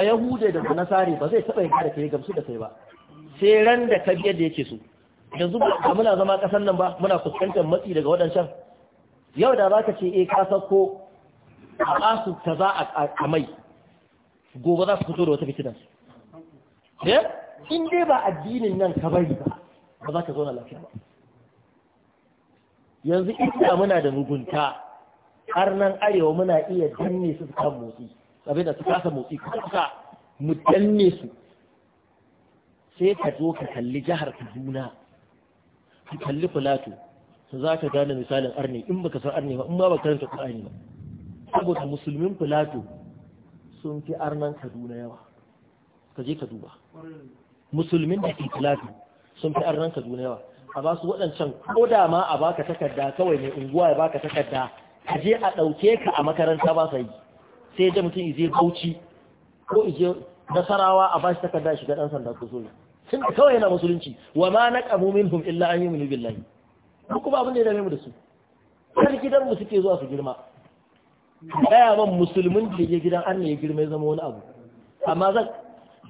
a yahude da nasari ba zai taba yarda da kai gamsu da kai ba sai ran da ka biyar da yake so yanzu ba muna zama ƙasar nan ba muna fuskantar matsi daga waɗancan yau da za ka ce e ka ko a ƙasu ta za a mai gobe za su fito da wata fitinar eh? in dai ba addinin nan ka bari ba ba za ka zo na lafiya ba yanzu ita muna da mugunta har nan arewa muna iya danne su kan motsi da su kasa motsi kusa mu danne su sai ka zo ka kalli jihar kaduna ki kalli filato za ka gane misalin arne in baka san arne ba in ba baka karanta ƙarni ba saboda musulmin filatu sun fi arnan kaduna yawa ka je ka duba musulmin da ke filato sun fi arnan kaduna yawa a ba su waɗancan ko da ma a baka takarda kawai mai unguwa ya baka takarda ka je a ɗauke ka a makaranta ba sai yi sai da mutum je bauchi ko je nasarawa a ba shi takarda shiga ɗan sanda ko ne sun kawai yana musulunci wa ma min hum illa an yu'minu billahi duk ba abin da ya dame mu da su har gidan mu suke zuwa su girma gaya man musulmin da ya gidan an ne ya girma ya zama wani abu amma zan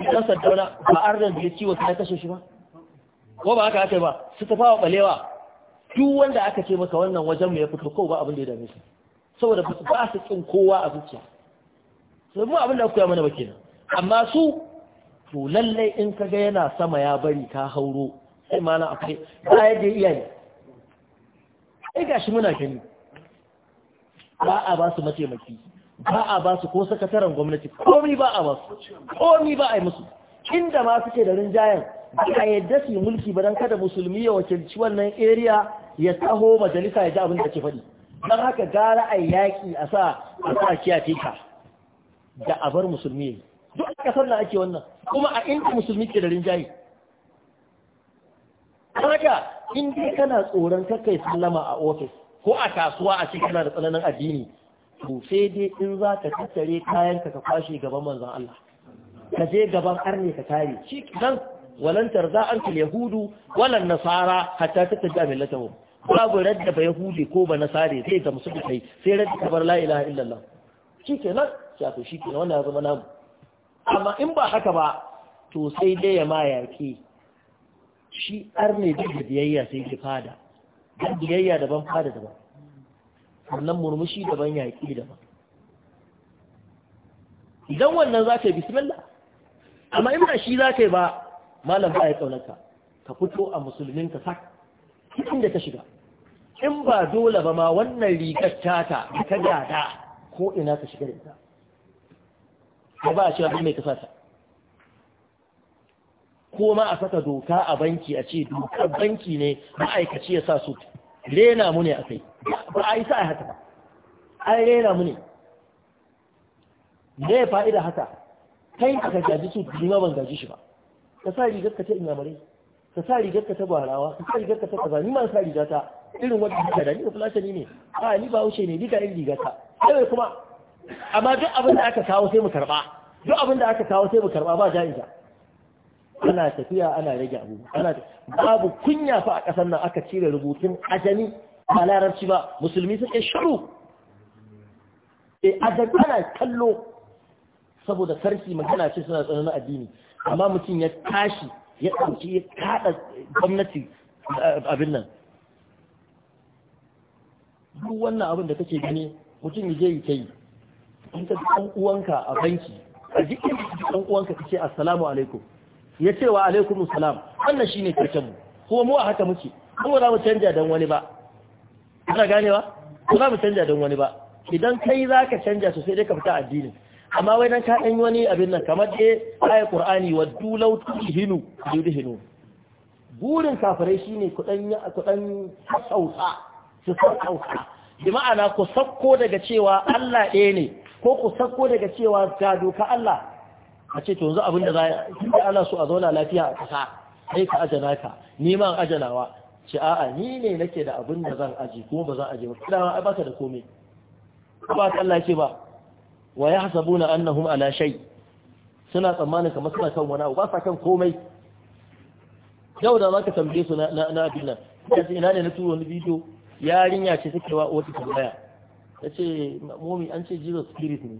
dan saddauna ba ardan da ya ciwo ta kashe shi ba ko ba haka aka ba su tafa wa balewa duk wanda aka ce maka wannan wajen mu ya fito ko ba abin da ya dame su saboda ba su kin kowa a zuciya sai mu abin da aka koya mana ba kenan amma su to lallai in ka ga yana sama ya bari ka hauro sai mana akwai ba iya ne ai gashi muna gani ba a ba su mataimaki ba a ba su ko sakataren gwamnati komi ba a ba su komi ba a yi musu inda ma suke da rinjayen ba yadda su yi mulki ba don kada musulmi ya wakilci wannan area ya taho majalisa ya ji abin da ke faɗi don haka gara a yaƙi a sa a sa kiyaye ka da abar musulmi duk a kasar na ake wannan kuma a inda musulmi ke da rinjayi. haka in dai kana tsoron kakai sallama a ofis ko a kasuwa a cikin kana da tsananin addini to sai dai in za ka tattare kayan ka ka kwashe gaban manzon Allah ka je gaban arne ka tare shi kan walan tarza an yahudu walan nasara hatta tattabi millatahum babu radda ba yahudi ko ba nasare sai ga musulmi sai radda kabar la ilaha illallah shikenan shi kenan wannan ya zama namu amma in ba haka ba to sai dai ya ma yaƙi shi arne duk da biyayya sai ki fada don biyayya daban fada daban sannan murmushi daban yaƙi daban idan wannan za ka yi bismillah amma in ba shi za ka yi ba malam ba ya ƙaunarka ka fito a musulmin ka sak da ka shiga in ba dole ba ma wannan rigar tata da ka gada ko ina ka shiga da ita ko ba a cewa duk mai kasata ko ma a saka doka a banki a ce doka banki ne ma'aikaci ya sa su rena mu ne a kai ba a yi sa haka ba an rena mu ne ne fa'ida haka kai aka gaji su ni ma ban gaji shi ba ka sa rigar ka ta inyamurai ka sa rigar ka ta gwarawa ka sa rigar ka ta kaza ni ma sa rigar ta irin wadda ta da ni ba fulani ne a ni ba wuce ne ni ga irin rigar ta sai kuma amma duk abin da aka kawo sai mu karba duk abin da aka kawo sai mu karba ba ja'iza ana tafiya ana rage abu ana babu kunya fa a ƙasar nan aka cire rubutun ajami ba larabci ba musulmi suke shiru eh ajami ana kallo saboda sarki magana ce suna tsananin addini amma mutum ya tashi ya ɗauki ya kaɗa gwamnati eh, abin nan duk wannan abin da kake gani mutum ya je yi ta yi in ka ɗan uwanka a banki a jikin ɗan uwanka ta ce assalamu alaikum ya ce wa alaikum salam wannan shine karshen mu kuma mu a haka muke ko za mu canja dan wani ba kana ganewa ko za mu canja dan wani ba idan kai za ka canja sosai dai ka fita addinin amma wai dan ka dan wani abin nan kamar dai ayi qur'ani wa dulau tuhinu yudhinu burin kafirai shine ku dan ku dan sauka su sauka bi ma'ana ku sakko daga cewa Allah ɗaya ne ko ku sako daga cewa ga doka Allah a ce to yanzu abin da za a ana so a zauna lafiya a kasa sai ka ajana ka neman ajanawa ce a'a ni ne nake da abin da zan aji ko ba zan aje ba kira ai baka da komai ba ta Allah ce ba wa yahsabuna annahum ala shay suna tsammanin kamar suna kan wani abu ba sa kan komai yau da zaka tambaye su na na abin nan ina ne na tuwo wani bidiyo yarinya ce take wa wata tambaya ya ce mummi an ce jesus spirit ne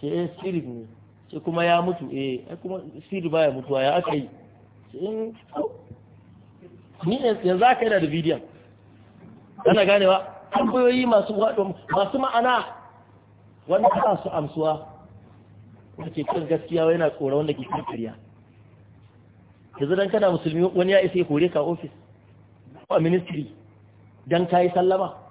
ce eh spirit ne ce kuma ya mutu eh kuma spirit baya mutuwa ya aka yi ce in eh, ni yanzu aka yana da bidiyon ana ganewa tambayoyi masu masu ma'ana wani ta su amsuwa wanda ke kan gaskiya yana tsoron wanda ke kirkiriya kariya yanzu dan kana musulmi wani ya isa ya kore ka ofis ko a ministry dan yi sallama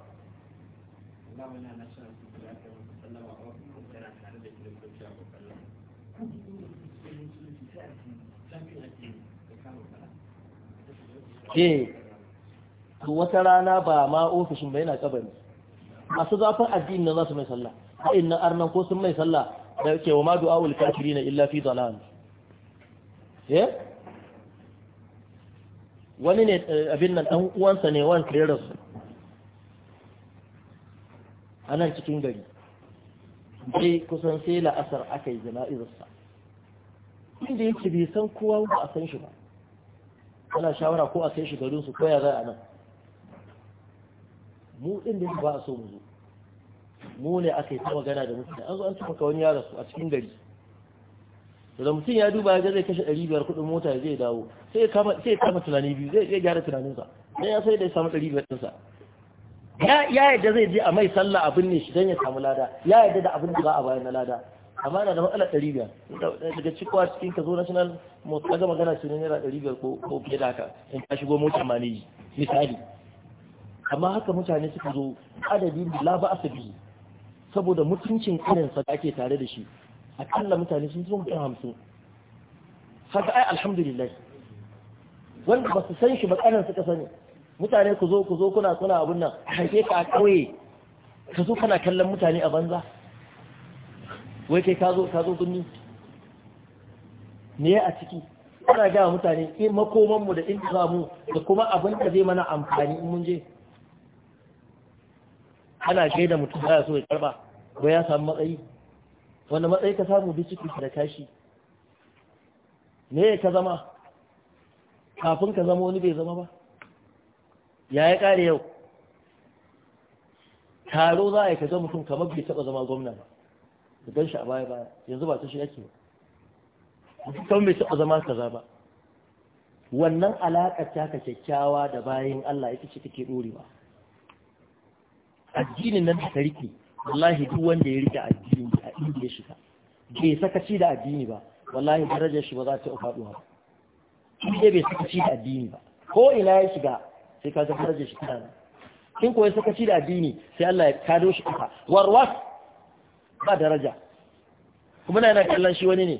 je to wata rana ba ma ofishin ba yana kabari masu zafin addini nan za su mai sallah haɗin na arnan ko sun mai sallah da yake wa ma du'a wal kafirina na illa fi dalal eh wani ne eh, abin nan dan uwansa ne wan kirerar su a nan cikin gari sai kusan sai la'asar aka yi jana'izarsa inda yake bai san kowa ba a san shi ba ana shawara ko a kai shi garin su ko ya zai a nan mu din da ba a so mu zo mu ne aka yi ta magana da mutane an zo an tafa wani su a cikin gari da mutum ya duba ya zai kashe ɗari biyar kuɗin mota ya zai dawo sai ya kama tunani biyu zai iya gyara tunaninsa sai ya sai da ya samu ɗari biyar ɗinsa ya yadda zai je a mai sallah abin ne shi don ya samu lada ya yadda da abin da za a bayan na lada amma na da matsala ɗari biyar daga cikowa cikin ka zo national mota magana su ne naira ɗari biyar ko fiye da haka in ka shigo mota maneji misali amma haka mutane suka zo adadin da laba a biyu saboda mutuncin irinsa da ake tare da shi akalla mutane sun zo mutum hamsin haka ai alhamdulillah wanda ba su san shi ba ƙanan suka sani mutane ku zo ku zo kuna kuna abun nan a haife ka a ƙauye ka zo kana kallon mutane a banza wai kai ka zo ka zo birni ne a ciki ana gaya mutane in eh, makomanmu da inda mu da kuma abin da zai mana amfani in mun je ana da mutum ya so ya karba ba ya samu matsayi wanda matsayi ka samu bi ciki da kashi ne ka zama kafin ka zama wani bai zama ba ya yi kare yau taro za a yi ka mutum kamar bai taba zama gwamna ba ka gan shi a baya baya yanzu ba ta shi yake ba Kuma bai taɓa zama kaza ba wannan alaƙar ka kyakkyawa da bayan Allah ita ce take ɗorewa addinin nan ta rike wallahi duk wanda ya rike addini a inda ya shiga bai sakaci da addini ba wallahi darajar shi ba za ta faɗuwa ba in dai bai sakaci da addini ba ko ina ya shiga sai ka ga darajar shi kana in ko ya sakaci da addini sai Allah ya kado shi kafa warwas ba daraja kuma na yana kallon shi wani ne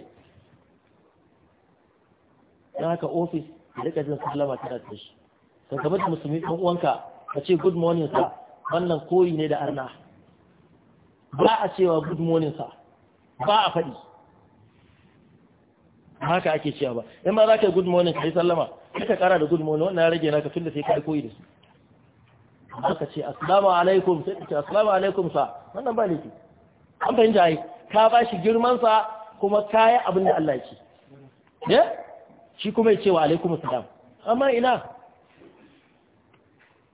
Na haka ofis da rika jin sallama tana da shi ka kamar da musulmi ɗan uwanka ka ce good morning sa wannan koyi ne da arna ba a cewa good morning sa ba a faɗi haka ake cewa ba in ba za ka yi good morning ka yi sallama sai ka kara da good morning wannan ya rage naka tun da sai ka koyi da su aka ce assalamu alaikum sai ka ce assalamu alaikum sa wannan ba laifi an fahimta ai ka ba shi girmansa kuma ka yi abin da Allah ce ya shi kuma ya ce wa alaikum salam amma ina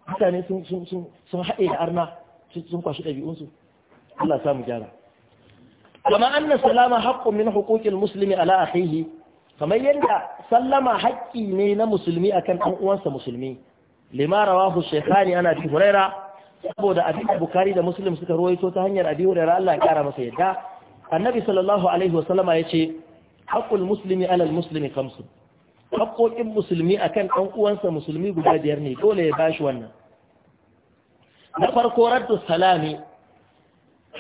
mutane sun haɗe da arna sun kwashi ɗabi'unsu Allah samu gyara kama anna salama haqqun min hukukin musulmi ala akhihi kamar yadda sallama haƙƙi ne na musulmi akan ɗan uwansa musulmi lima rawahu shaykhani ana bi huraira saboda abin da bukari da muslim suka ruwaito ta hanyar abi da Allah ya kara masa yadda annabi sallallahu alaihi Wasallama ya ce, haƙƙul musulmi alal musulmi kamsu haƙƙoƙin musulmi akan ɗan uwansa musulmi guda biyar ne dole ya bashi wannan na farko raddu salami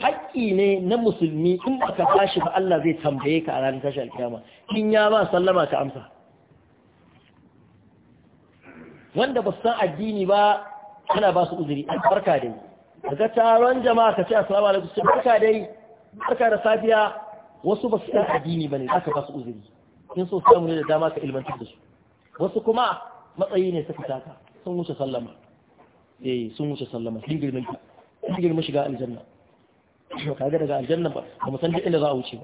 haƙƙi ne na musulmi in baka bashi ba Allah zai tambaye ka a ranar tashi alkiyama in ya ba sallama ka amsa wanda ba san addini ba ana ba su uzuri barka dai daga taron jama'a ka ce assalamu alaikum sai barka dai barka da safiya wasu ba su san addini bane aka ba su uzuri in so samu ne da dama ka ilmantar da su wasu kuma matsayi ne suka taka sun wuce sallama eh sun wuce sallama sun girman ki sun girman shiga aljanna to kaga daga aljanna ba ba san da inda za a wuce ba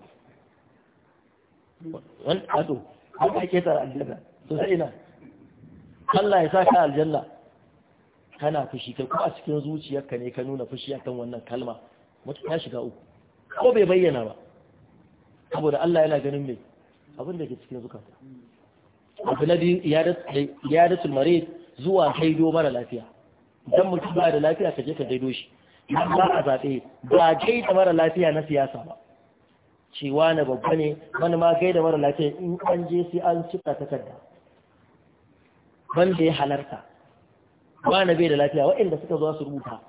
wani ado an ake tsara aljanna to sai ina Allah ya saka aljanna kana fushi kai ko a cikin zuciyarka ne ka nuna fushi akan wannan kalma mutum ya shiga uku ko bai bayyana ba saboda Allah yana ganin me. abin da ke cikin zukata abu na biyu iyadatul marid zuwa haido mara lafiya idan mutum ba da lafiya ka je ka daido shi ba a zaɓe ba gaida mara lafiya na siyasa ba cewa na babba ne wani ma gaida mara lafiya in an je sai an cika takarda wanda ya halarta wani bai da lafiya waɗanda suka zo su rubuta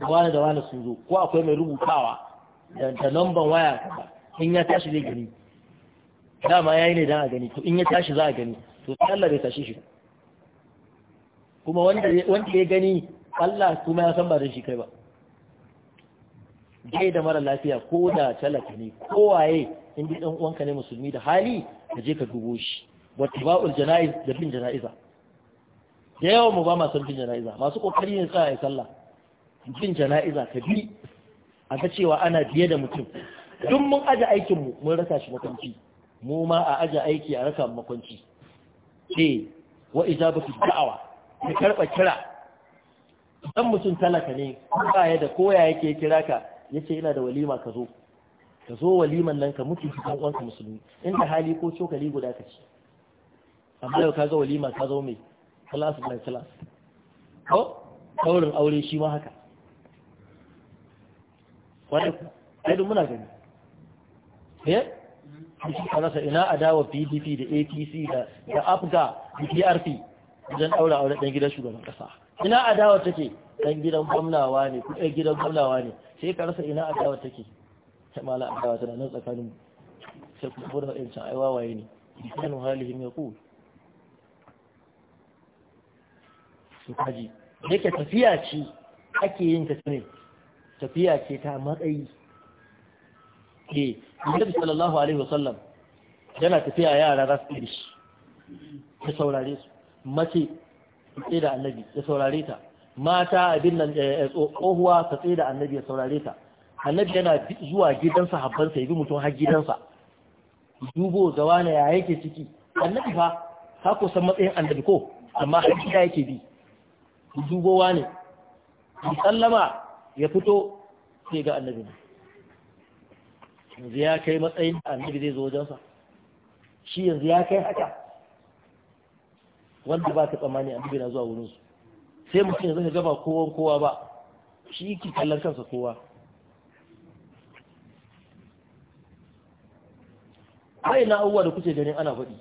da wani da wani sun zo ko akwai mai rubutawa da lamban waya in ya tashi zai gani dama ya yi ne don a gani to in ya tashi za a gani to sai Allah bai tashi shi kuma wanda ya gani Allah kuma ya san ba da shi kai ba gai da mara lafiya ko da talaka ne kowaye in bi ɗan uwanka ne musulmi da hali ka je ka dubo shi wata ba'ul jana'iz da bin jana'iza da yawan mu ba ma son jana'iza masu kokari ne sa ya sallah jin jana'iza ka bi a ga cewa ana biye da mutum duk mun aje aikin mu mun rasa shi makwanci mu ma a aje aiki a rasa makwanci ce eh, wa ijabatu da'awa ka karba kira dan mutum talaka ne ba ya da koya yake kira ka yace ina da walima ka zo ka zo waliman nan ka mutu cikin uwanka musulmi inda hali ko cokali guda ka ci amma yau ka zo walima ka zo mai class by class ko kaurin aure shi ma haka wani aidin muna gani yi eh? shi ka rasa ina adawa pdp da apc da afga da prp don daura aure ɗan gidan shugaban kasa ina adawa take dan gidan gwamnawa ne ko eh, ɗan gidan gwamnawa ne sai ka rasa ina adawa take ta mala adawa tana nan tsakanin sai kuma furta in sa ne ne ya kuwa su kaji yake tafiya ce ake yin ta ne tafiya ce ta matsayi ke eh, annabi sallallahu alaihi wasallam yana tafiya yara za su shi ya saurare su mace tsaye da annabi ya saurare ta mata abin nan eh, eh, tsohuwa ta tsaye da annabi ya saurare ta annabi yana zuwa gidansa habbansa ya bi mutum har gidansa dubo gawa na ya yake ciki annabi fa ka kusan matsayin annabi ko amma har gida yake bi ku dubowa ne ku sallama ya fito sai ga annabi ne yanzu ya kai matsayin da annabi zai zo wajensa shi yanzu ya kai haka wanda ba ta tsammani annabi na zuwa wurinsu sai mutum ya ka gaba kowa kowa ba shi ki kallon kansa kowa ai na abubuwa da kuke ganin ana faɗi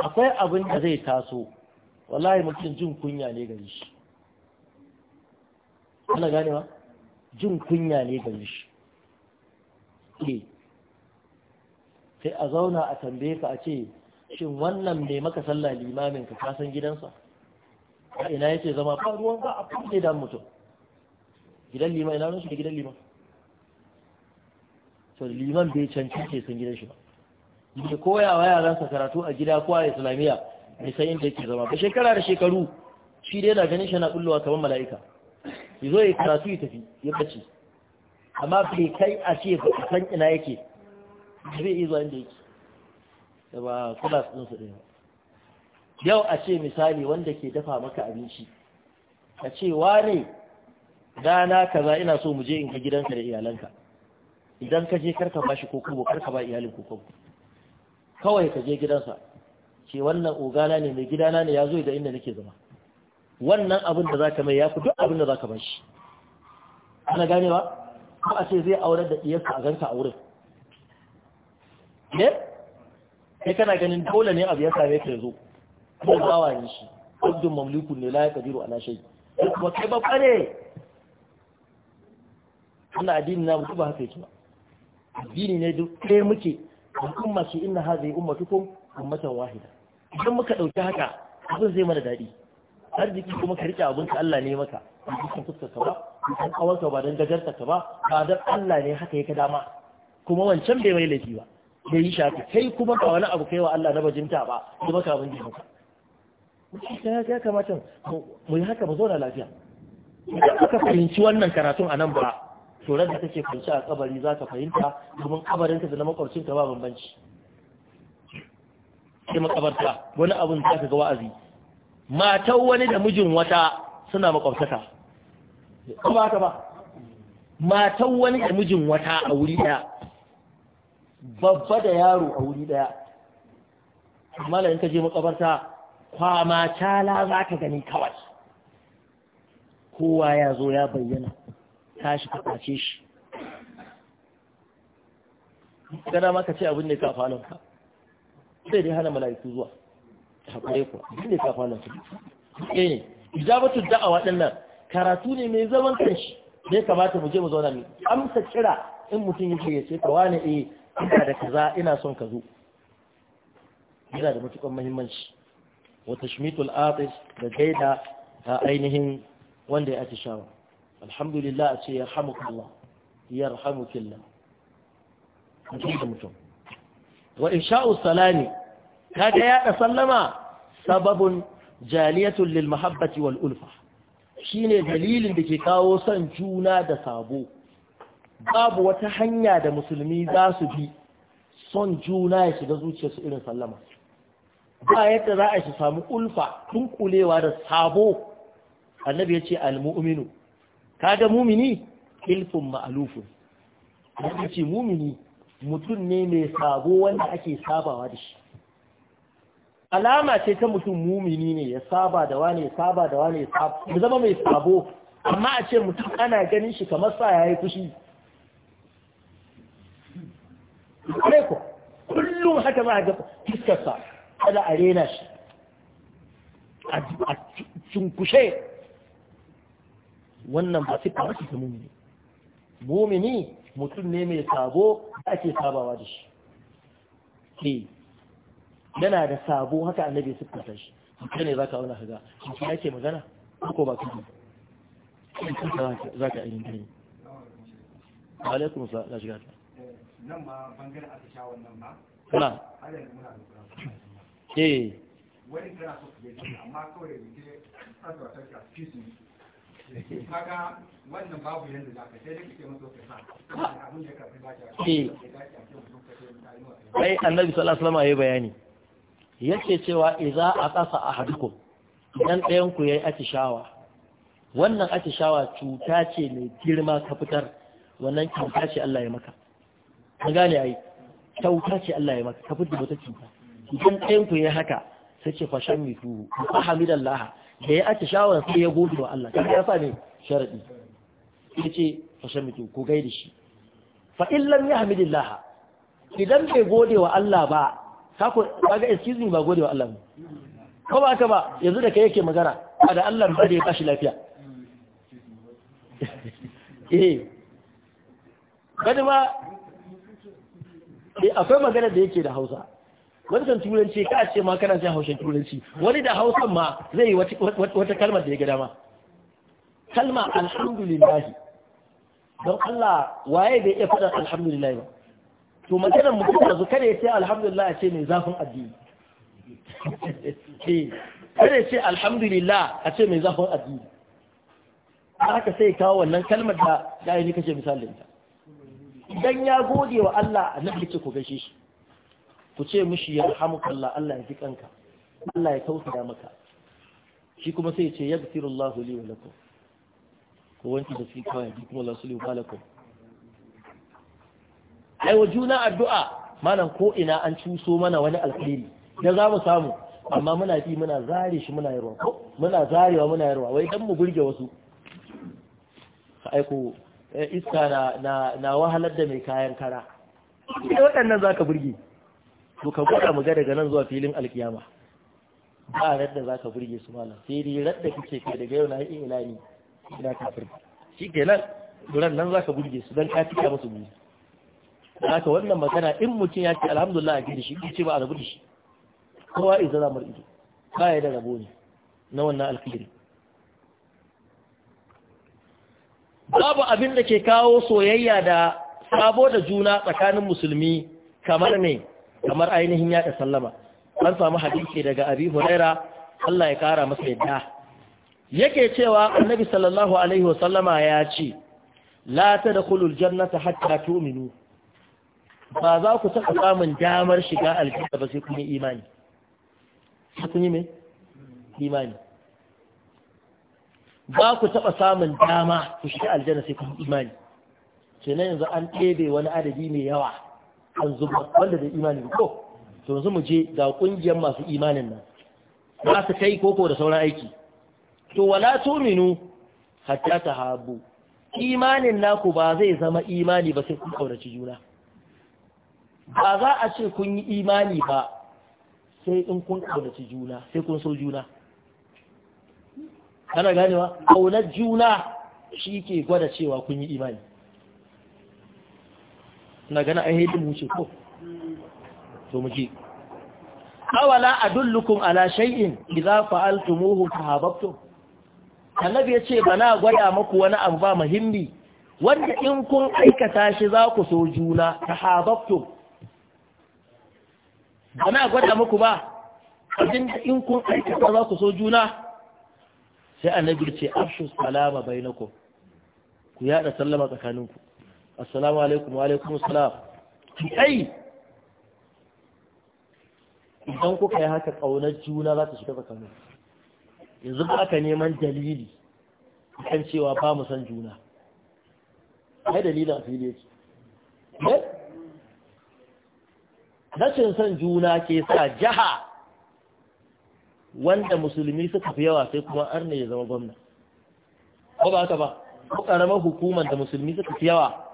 akwai abin da zai taso wallahi mutum jin kunya ne gare shi ana ganewa jin kunya ne gare shi ke eh. sai a zauna a tambaye ka a ce shin wannan mai maka sallah limamin ka kasan gidansa a ina yake zama ba ruwan ba a kuɗe da mutum gidan liman ina nushe gidan liman to liman bai cancanci sun gidan shi ba ke koyawa yaransa karatu a gida ko a islamiyya bai san inda yake zama ba shekara da shekaru shi dai yana ganin shi na bullowa kamar mala'ika ya zo ya karatu ya tafi ya bace amma bai kai a ce ba a san ina yake da zai iya zuwa inda yake da ba kula su ɗinsu ɗaya yau a ce misali wanda ke dafa maka abinci a ce wane dana kaza ina so mu je in ka gidanka da iyalanka idan ka je karka ba shi ko kubo karka ba iyalin ko kawai ka je gidansa ce wannan ogana ne mai gidana ne ya zo da inda nake zama wannan abin da za ka mai ya fi duk abin da za ka ba shi ana gane ba ko a ce zai aurar da iyarsa a ganka a wurin ne sai kana ganin dole ne abu ya same ka yazo ko bawa ne shi abdul Mamluku ne la ya kadiru ala shay kuma kai ba fare wannan addini na mutu ba haka yake ba addini ne duk kai muke al'umma ce inna hadhihi ummatukum ummatan wahida idan muka ɗauki haka abin zai mana daɗi arziki kuma ka riƙe abinka Allah ne maka ba dukkan fuskarka ba dan kawarka ba don gajarta ba ba don Allah ne haka ya ka dama kuma wancan bai mai laifi ba da yi shafi kai kuma ba wani abu kai wa Allah na bajinta ba da maka abin jini ka ya kamata mu yi haka mu zauna lafiya idan aka fahimci wannan karatun a nan ba to da take kwanci a kabari za ka fahimta domin kabarinka da na makwabcinka ba bambanci sai makabarta wani abun za ka ga wa'azi matan wani da mijin wata suna makwabtaka ba ka ba matar wani da mijin wata a wuri daya babba da yaro a wuri daya amma da in ka je makabarta kwama cala za ka gani kawai kowa ya zo ya bayyana tashi ka kwace shi ma maka ce abin da ka falon ka sai dai hana mala'iku zuwa hakuri ku duk ne ka kwana su eh ne ijabatu da'awa din nan karatu ne mai zaman kanshi ne kamata mu je mu zauna mu amsa kira in mutum yake ya ce ka wani eh ina da kaza ina son ka zo yana da matukar muhimmanci wa tashmitul atis da gaida a ainihin wanda ya atishawa alhamdulillah a ce ya Allah ya rahamukillah mutum da mutum wa insha'u salami kaga yaɗa sallama sababun jaliyatun lilmahabbati mahabbati wal ulfa shine dalilin da ke kawo son juna da sabo babu wata hanya da musulmi za su bi son juna ya shiga zuciyarsu irin sallama ba yadda za a shi samu ulfa tunkulewa da sabo annabi ya ce almu'minu kaga mumini ilfun ma'alufun ce mumini mutum ne mai sabo wanda ake sabawa da shi alama ce ta mutum mumini ne ya saba da wane ya saba da wane ya zama mai sabo amma a ce mutum ana ganin shi kamar sa ya yi fushi ko kullum haka za a ga fiskarsa kada a rena shi a cinkushe wannan ba su wasu su ta mumini mumini mutum ne mai sabo da ake sabawa da shi ke yana da sabo haka annabi su kusa shi mutum ne za ka auna kaga shi ake magana ko ba kudu za ka ainihin gani alaikum sa na shiga nan ma bangaren a sha wannan ba na eh. wani kana so amma kawai da ke ta ke a cikin kaga wannan babu yanda za ka sai da kike maso ka sa abin da eh. ka fi ba sai annabi sallallahu alaihi wasallam ya bayani yake cewa idza aqasa ahadukum dan ɗayan ku yayi atishawa wannan atishawa cuta ce mai girma ka fitar wannan cuta ce Allah ya maka ka gane ai cuta ce Allah ya maka ka fitar da wata cuta idan ɗayan ku yayi haka sai ce fashan mitu fa hamidallahi da ya ake shawar sai ya gode wa Allah kan ya ne sharadi ya ce fashamitu ko gaida shi fa illam yahmidillah idan bai gode wa Allah ba kako kaga excuse me ba gode wa Allah ba ko ba ka ba yanzu da kai yake magana ba da Allah ba da ya bashi lafiya eh kada ma eh, akwai magana da yake da Hausa wancan turanci ka ce ma kana jin haushin turanci wani da hausan ma zai yi wata kalmar da ya ga dama kalma alhamdulillah don Allah waye bai iya faɗa alhamdulillah ba to maganar mutum da zuka da ya alhamdulillah a ce mai zafin addini eh, kare sai ce alhamdulillah a ce mai zafin addini haka sai kawo wannan kalmar da ya yi kace misalin ta idan ya gode wa Allah annabi ce ku gaishe shi ku ce mishi ya hamukalla Allah ya ji kanka Allah ya da maka shi kuma sai ya ce yaghfirullahu li wa lakum ko wanki da shi kawai bi kuma su sulu falakum ai wa juna addu'a malam ko ina an cuso mana wani alkhairi da za mu samu amma muna fi muna zare shi muna yarwa ko muna zarewa muna yarwa wai dan mu gurge wasu ka aiko eh, iska na na wahalar da mai kayan kara waɗannan za ka burge to ka gwada mu ga daga nan zuwa filin alkiyama ba radda za ka burge su malam sai dai radda kake kai daga yau na yi ina ne? ina kafir shi nan, duran nan za ka burge su don ka tika musu Za haka wannan magana in mutum ya ce alhamdulillah a gidi shi ce ba a rabu da shi kowa in za mar ido ba ya da rabo ne na wannan alkhairi babu abin da ke kawo soyayya da sabo da juna tsakanin musulmi kamar ne kamar ainihin yaɗa sallama an samu hadisi daga abi huraira Allah ya kara masa yadda yake cewa annabi sallallahu alaihi wa sallama ya ce la tadkhulu aljannata hatta tu'minu ba za ku taɓa samun damar shiga aljanna ba sai kun yi imani sai kun yi me imani ba ku taɓa samun dama ku shiga aljanna sai kun yi imani kenan yanzu an ɗebe wani adadi mai yawa an zuba wanda da imani ko to yanzu mu je ga kungiyar masu imanin nan ba su kai koko da sauran aiki to wala tu'minu hatta tahabu imanin naku ba zai zama imani ba sai kun kaurace juna ba za a ce kun yi imani ba sai in kun kaurace juna sai kun so juna kana ganewa kaunar juna shi ke gwada cewa kun yi imani na gana an haidin wuce ko to muji awala a dullukun adullukum ala shay'in idza fa'altumuhu tahabbtum ce ba na gwada maku wani abu ba muhimmi wanda in kun aikata shi za ku so juna ta Ba na gwada maku ba abinda in kun aikata za ku so juna sai annabi ce afshu salama bainakum ku yada sallama tsakaninku السلام alaikum wa alaikum اي idan kuka yi haka kaunar juna za ta shiga tsakanin yanzu ba aka neman dalili kan cewa ba mu san juna ai dalilin a fili yake eh? rashin son juna ke sa jaha wanda musulmi suka fi yawa sai kuma arna ya zama gwamna ko ba haka ba ko karamar hukumar da musulmi suka fi yawa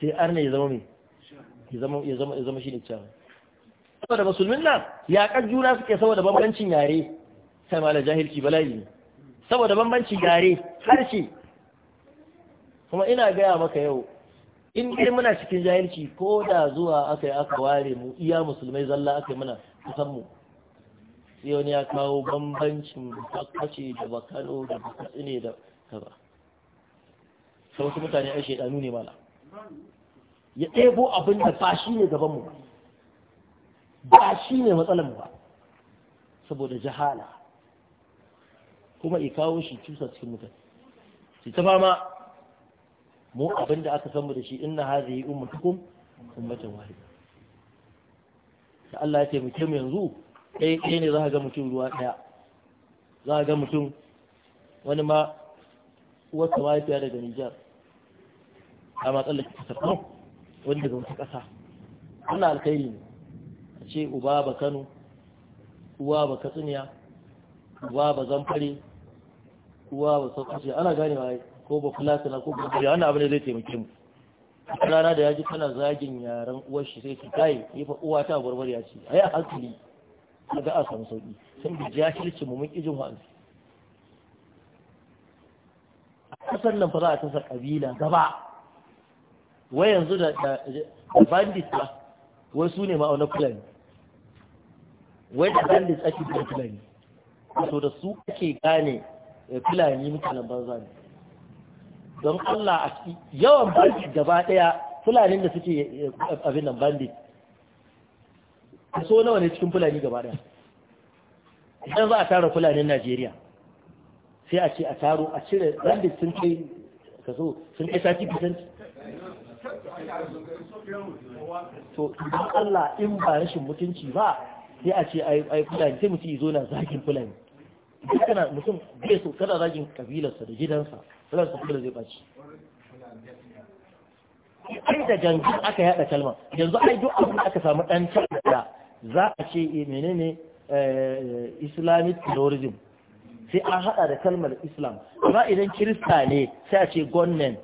sai arna ya zama mai ya zama shi ne cewa saboda musulmin nan kan juna suke saboda bambancin yare sai mala jahilci bala'i ne saboda bambancin yare harshe kuma ina gaya maka yau in dai muna cikin jahilci ko da zuwa aka yi aka ware mu iya musulmai zalla aka yi muna kusan mu sai wani ya kawo bambancin bakace da bakano da bakatsine da kaza sau wasu mutane ai shaidanu ne mala ya ɗebo abin da ba shi ne gaban ba ba shi ne mu ba saboda jahala kuma ya kawo shi cusa cikin mutane shi ta fama mu abin da aka san mu da shi inna hadhihi ummatukum ummatan wahida da Allah ya ce mu yanzu ɗaya ɗaya ne za ka ga mutum ruwa ɗaya za ka ga mutum wani ma uwarsa mahaifiya daga Nijar a matsalar kasar kano wanda ga wata ƙasa wannan alkhairi ne a ce uba ba kano uwa ba katsiniya uba ba zamfare uwa ba sauƙashi ana ganewa ko ba fulatina ko ba kuri wannan abin da zai taimake mu rana da ya ji kana zagin yaren uwar shi sai ki kai ya fa uwa ta barbar ya ce a a hankali ga a samu sauki sun bi jahilci mu mun kijin wa'azi kasar nan fa za a kasar kabila gaba wai yanzu da bandit ba wai su ne ma'auna fulani wai da bandit ake da fulani to da su ake gane eh, fulani mutanen banza ne don Allah a yawan bandit gaba daya fulanin da suke eh, abin nan bandit so nawa ne cikin fulani gaba daya idan za a tara fulanin Najeriya sai a ce a taro a cire bandit sun kai kaso sun kai 30% to idan Allah in ba rashin mutunci ba sai a ce ai fulani sai mutum zo na zagin fulani kana mutum bai so kada zagin kabilarsa da gidansa sai su kula zai baci ai da jangin aka yada kalma yanzu ai duk abin da aka samu dan da za a ce eh, menene eh, islamic terrorism sai an hada da kalmar islam amma idan kirista ne sai a ce gonnen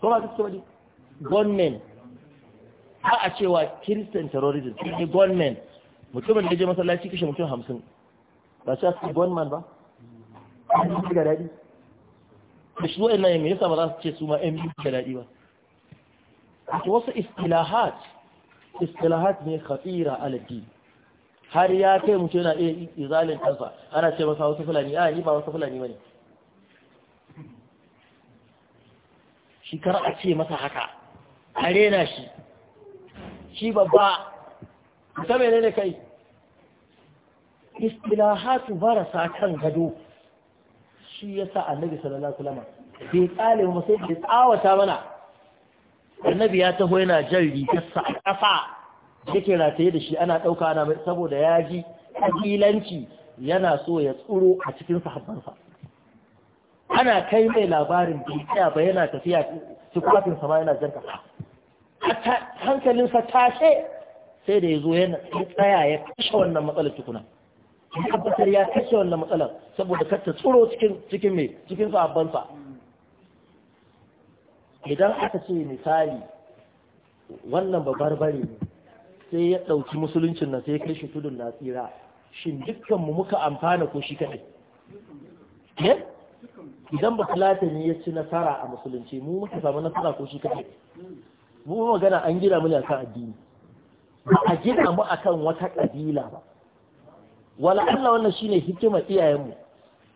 ko ba su gunmen ba a cewa Christian terrorism sai ne gunmen mutumin da je masallaci kashe mutum hamsin ba sai su gunman ba an yi ga daɗi da shi wa'in nan yasa ba za su ce su ma yan biyu ga daɗi ba a wasu istilahat istilahat ne khatira aladi har ya kai mutum yana iya izalin kansa ana ce masa wasu fulani a yi ba wasu fulani ba ne shi kar a ce masa haka a rena shi shi babba ta mene ne kai istilahatu barasa kan gado shi ya sa annabi sallallahu alaihi wasallam bai kale mu sai bai tsawata mana annabi ya taho yana jan rigarsa a ƙasa yake rataye da shi ana ɗauka ana mai saboda ya ji kabilanci yana so ya tsuro a cikin sahabbansa ana kai mai labarin bai tsaya ba yana tafiya tufafinsa sama yana jan ƙasa hankalinsa tashe sai da ya zo yana tsaya ya kashe wannan matsalar tukuna ya tabbatar ya kashe wannan matsalar saboda kar ta tsoro cikin mai cikin sa'abbansa idan aka ce misali wannan babbar bare ne sai ya ɗauki musuluncin na sai kai shi tudun na tsira shin dukkanmu muka amfana ko shi kaɗai idan ba ne ya ci nasara a musulunci mu muka samu nasara ko shi kaɗai mu magana an gina mu ne akan addini ba a gina mu akan wata kabila ba wala Allah wannan shine hikimar iyayenmu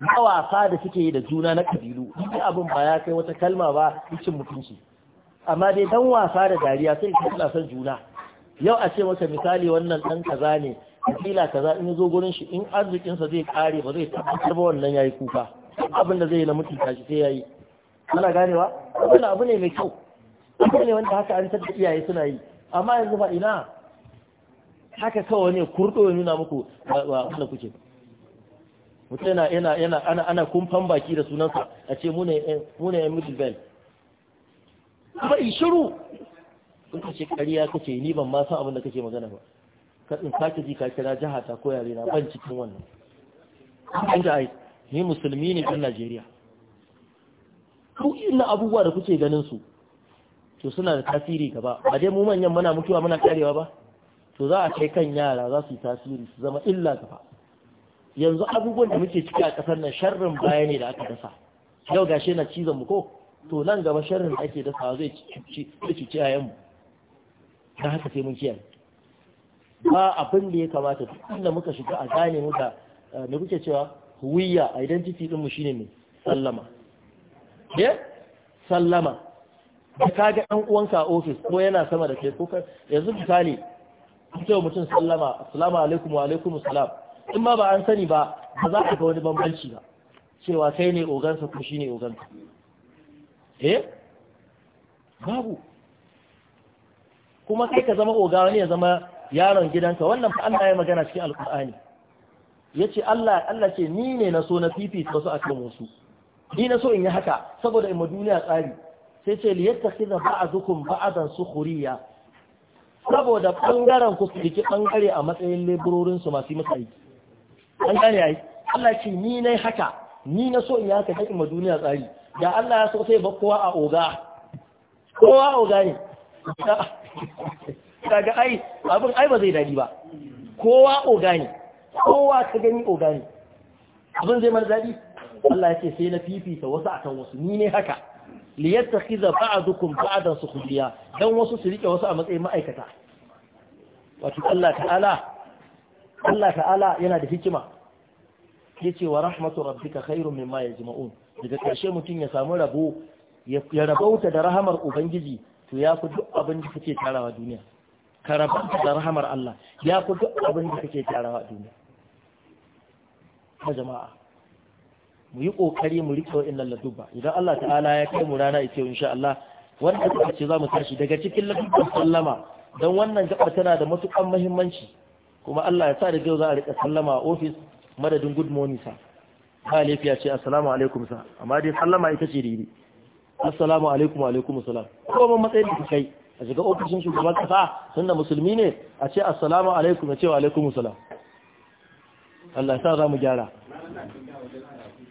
mawasa da suke yi da juna na kabilu duk abin ba ya kai wata kalma ba cikin mutunci amma dai dan wasa da dariya sai ka kula san juna yau a ce maka misali wannan dan kaza ne kabila kaza in zo gurin shi in arzikin sa zai kare ba zai tabbatar ba wannan yayi kuka abin da zai yi na mutunta shi sai yayi kana ganewa wannan abu ne mai kyau abu ne wanda haka an da iyaye suna yi amma yanzu ba ina haka kawai ne kurdo ya nuna muku ba wanda kuke mutum yana yana yana ana ana kumfan baki da sunansa a ce mu ne mu ne middle bell bai shiru ka ce ƙarya ce, ni ban ma san abin da kake magana ba ka in sake ji ka kira jiha ta ko yare na ban cikin wannan an ga ai ni musulmi ne ɗan Najeriya ku ina abubuwa da kuke ganin su to suna da tasiri gaba ba dai mu manyan muna mutuwa muna karewa ba to za a kai kan yara za su yi tasiri su zama illa gaba yanzu abubuwan da muke ciki a kasar nan sharrin baya ne da aka dasa yau gashi na cizon mu ko to nan gaba sharrin da ake dasa zai ci yayan mu na haka sai mun kiyaye ba abin da ya kamata duk inda muka shiga a gane muka da eh, kuke cewa huwiya identity din mu shine ne sallama eh sallama da ka ga ɗan uwanka a ofis ko yana sama da kai ko ka yanzu misali mutum mutum sallama assalamu alaikum wa alaikum salam in ma ba an sani ba ba za ka ga wani bambanci ba cewa kai ne ogansa ko shi ne ogansa eh babu kuma kai ka zama oga wani ya zama yaron gidanka wannan fa Allah ya magana cikin alkur'ani yace Allah Allah ce ni ne na so na fifita wasu akan wasu ni na so in yi haka saboda in ma duniya tsari sai ce liyattakhidha ba'dukum ba'dan huriya. saboda bangaren ku su diki bangare a matsayin leburorin su masu aiki an gane ai Allah ce ni nai haka ni na so in ya ka daki duniya tsari da Allah ya so sai ba kowa a oga kowa a oga ne kaga ai abin ai ba zai dadi ba kowa oga ne kowa ka gani oga ne abin zai mana dadi Allah ya ce sai na fifita wasu akan wasu ni ne haka liyattakhidha ba'dukum ba'dan sukhriya dan wasu su rike wasu a matsayin ma'aikata wato Allah ta'ala Allah ta'ala yana da hikima yace wa rahmatu rabbika khairum mimma yajma'un daga karshe mutun ya samu rabo ya rabauta da rahamar ubangiji to ya fi duk abin da kake tarawa duniya ka rabauta da rahamar Allah ya fi duk abin da kake tarawa duniya jama'a mu yi kokari mu rike wa'annan ladubba idan Allah ta'ala ya kai mu rana ita insha Allah wanda suka ce za mu tashi daga cikin ladubban sallama don wannan gaba tana da matukan muhimmanci kuma Allah ya sa da yau za a rika sallama a ofis madadin good morning sa ba lafiya ce assalamu alaikum sa amma dai sallama ita ce daidai assalamu alaikum wa alaikum assalam ko mun matsayin da kai a shiga ofishin shugaban kasa tunda musulmi ne a ce assalamu alaikum ya ce wa alaikum assalam Allah ya sa za mu gyara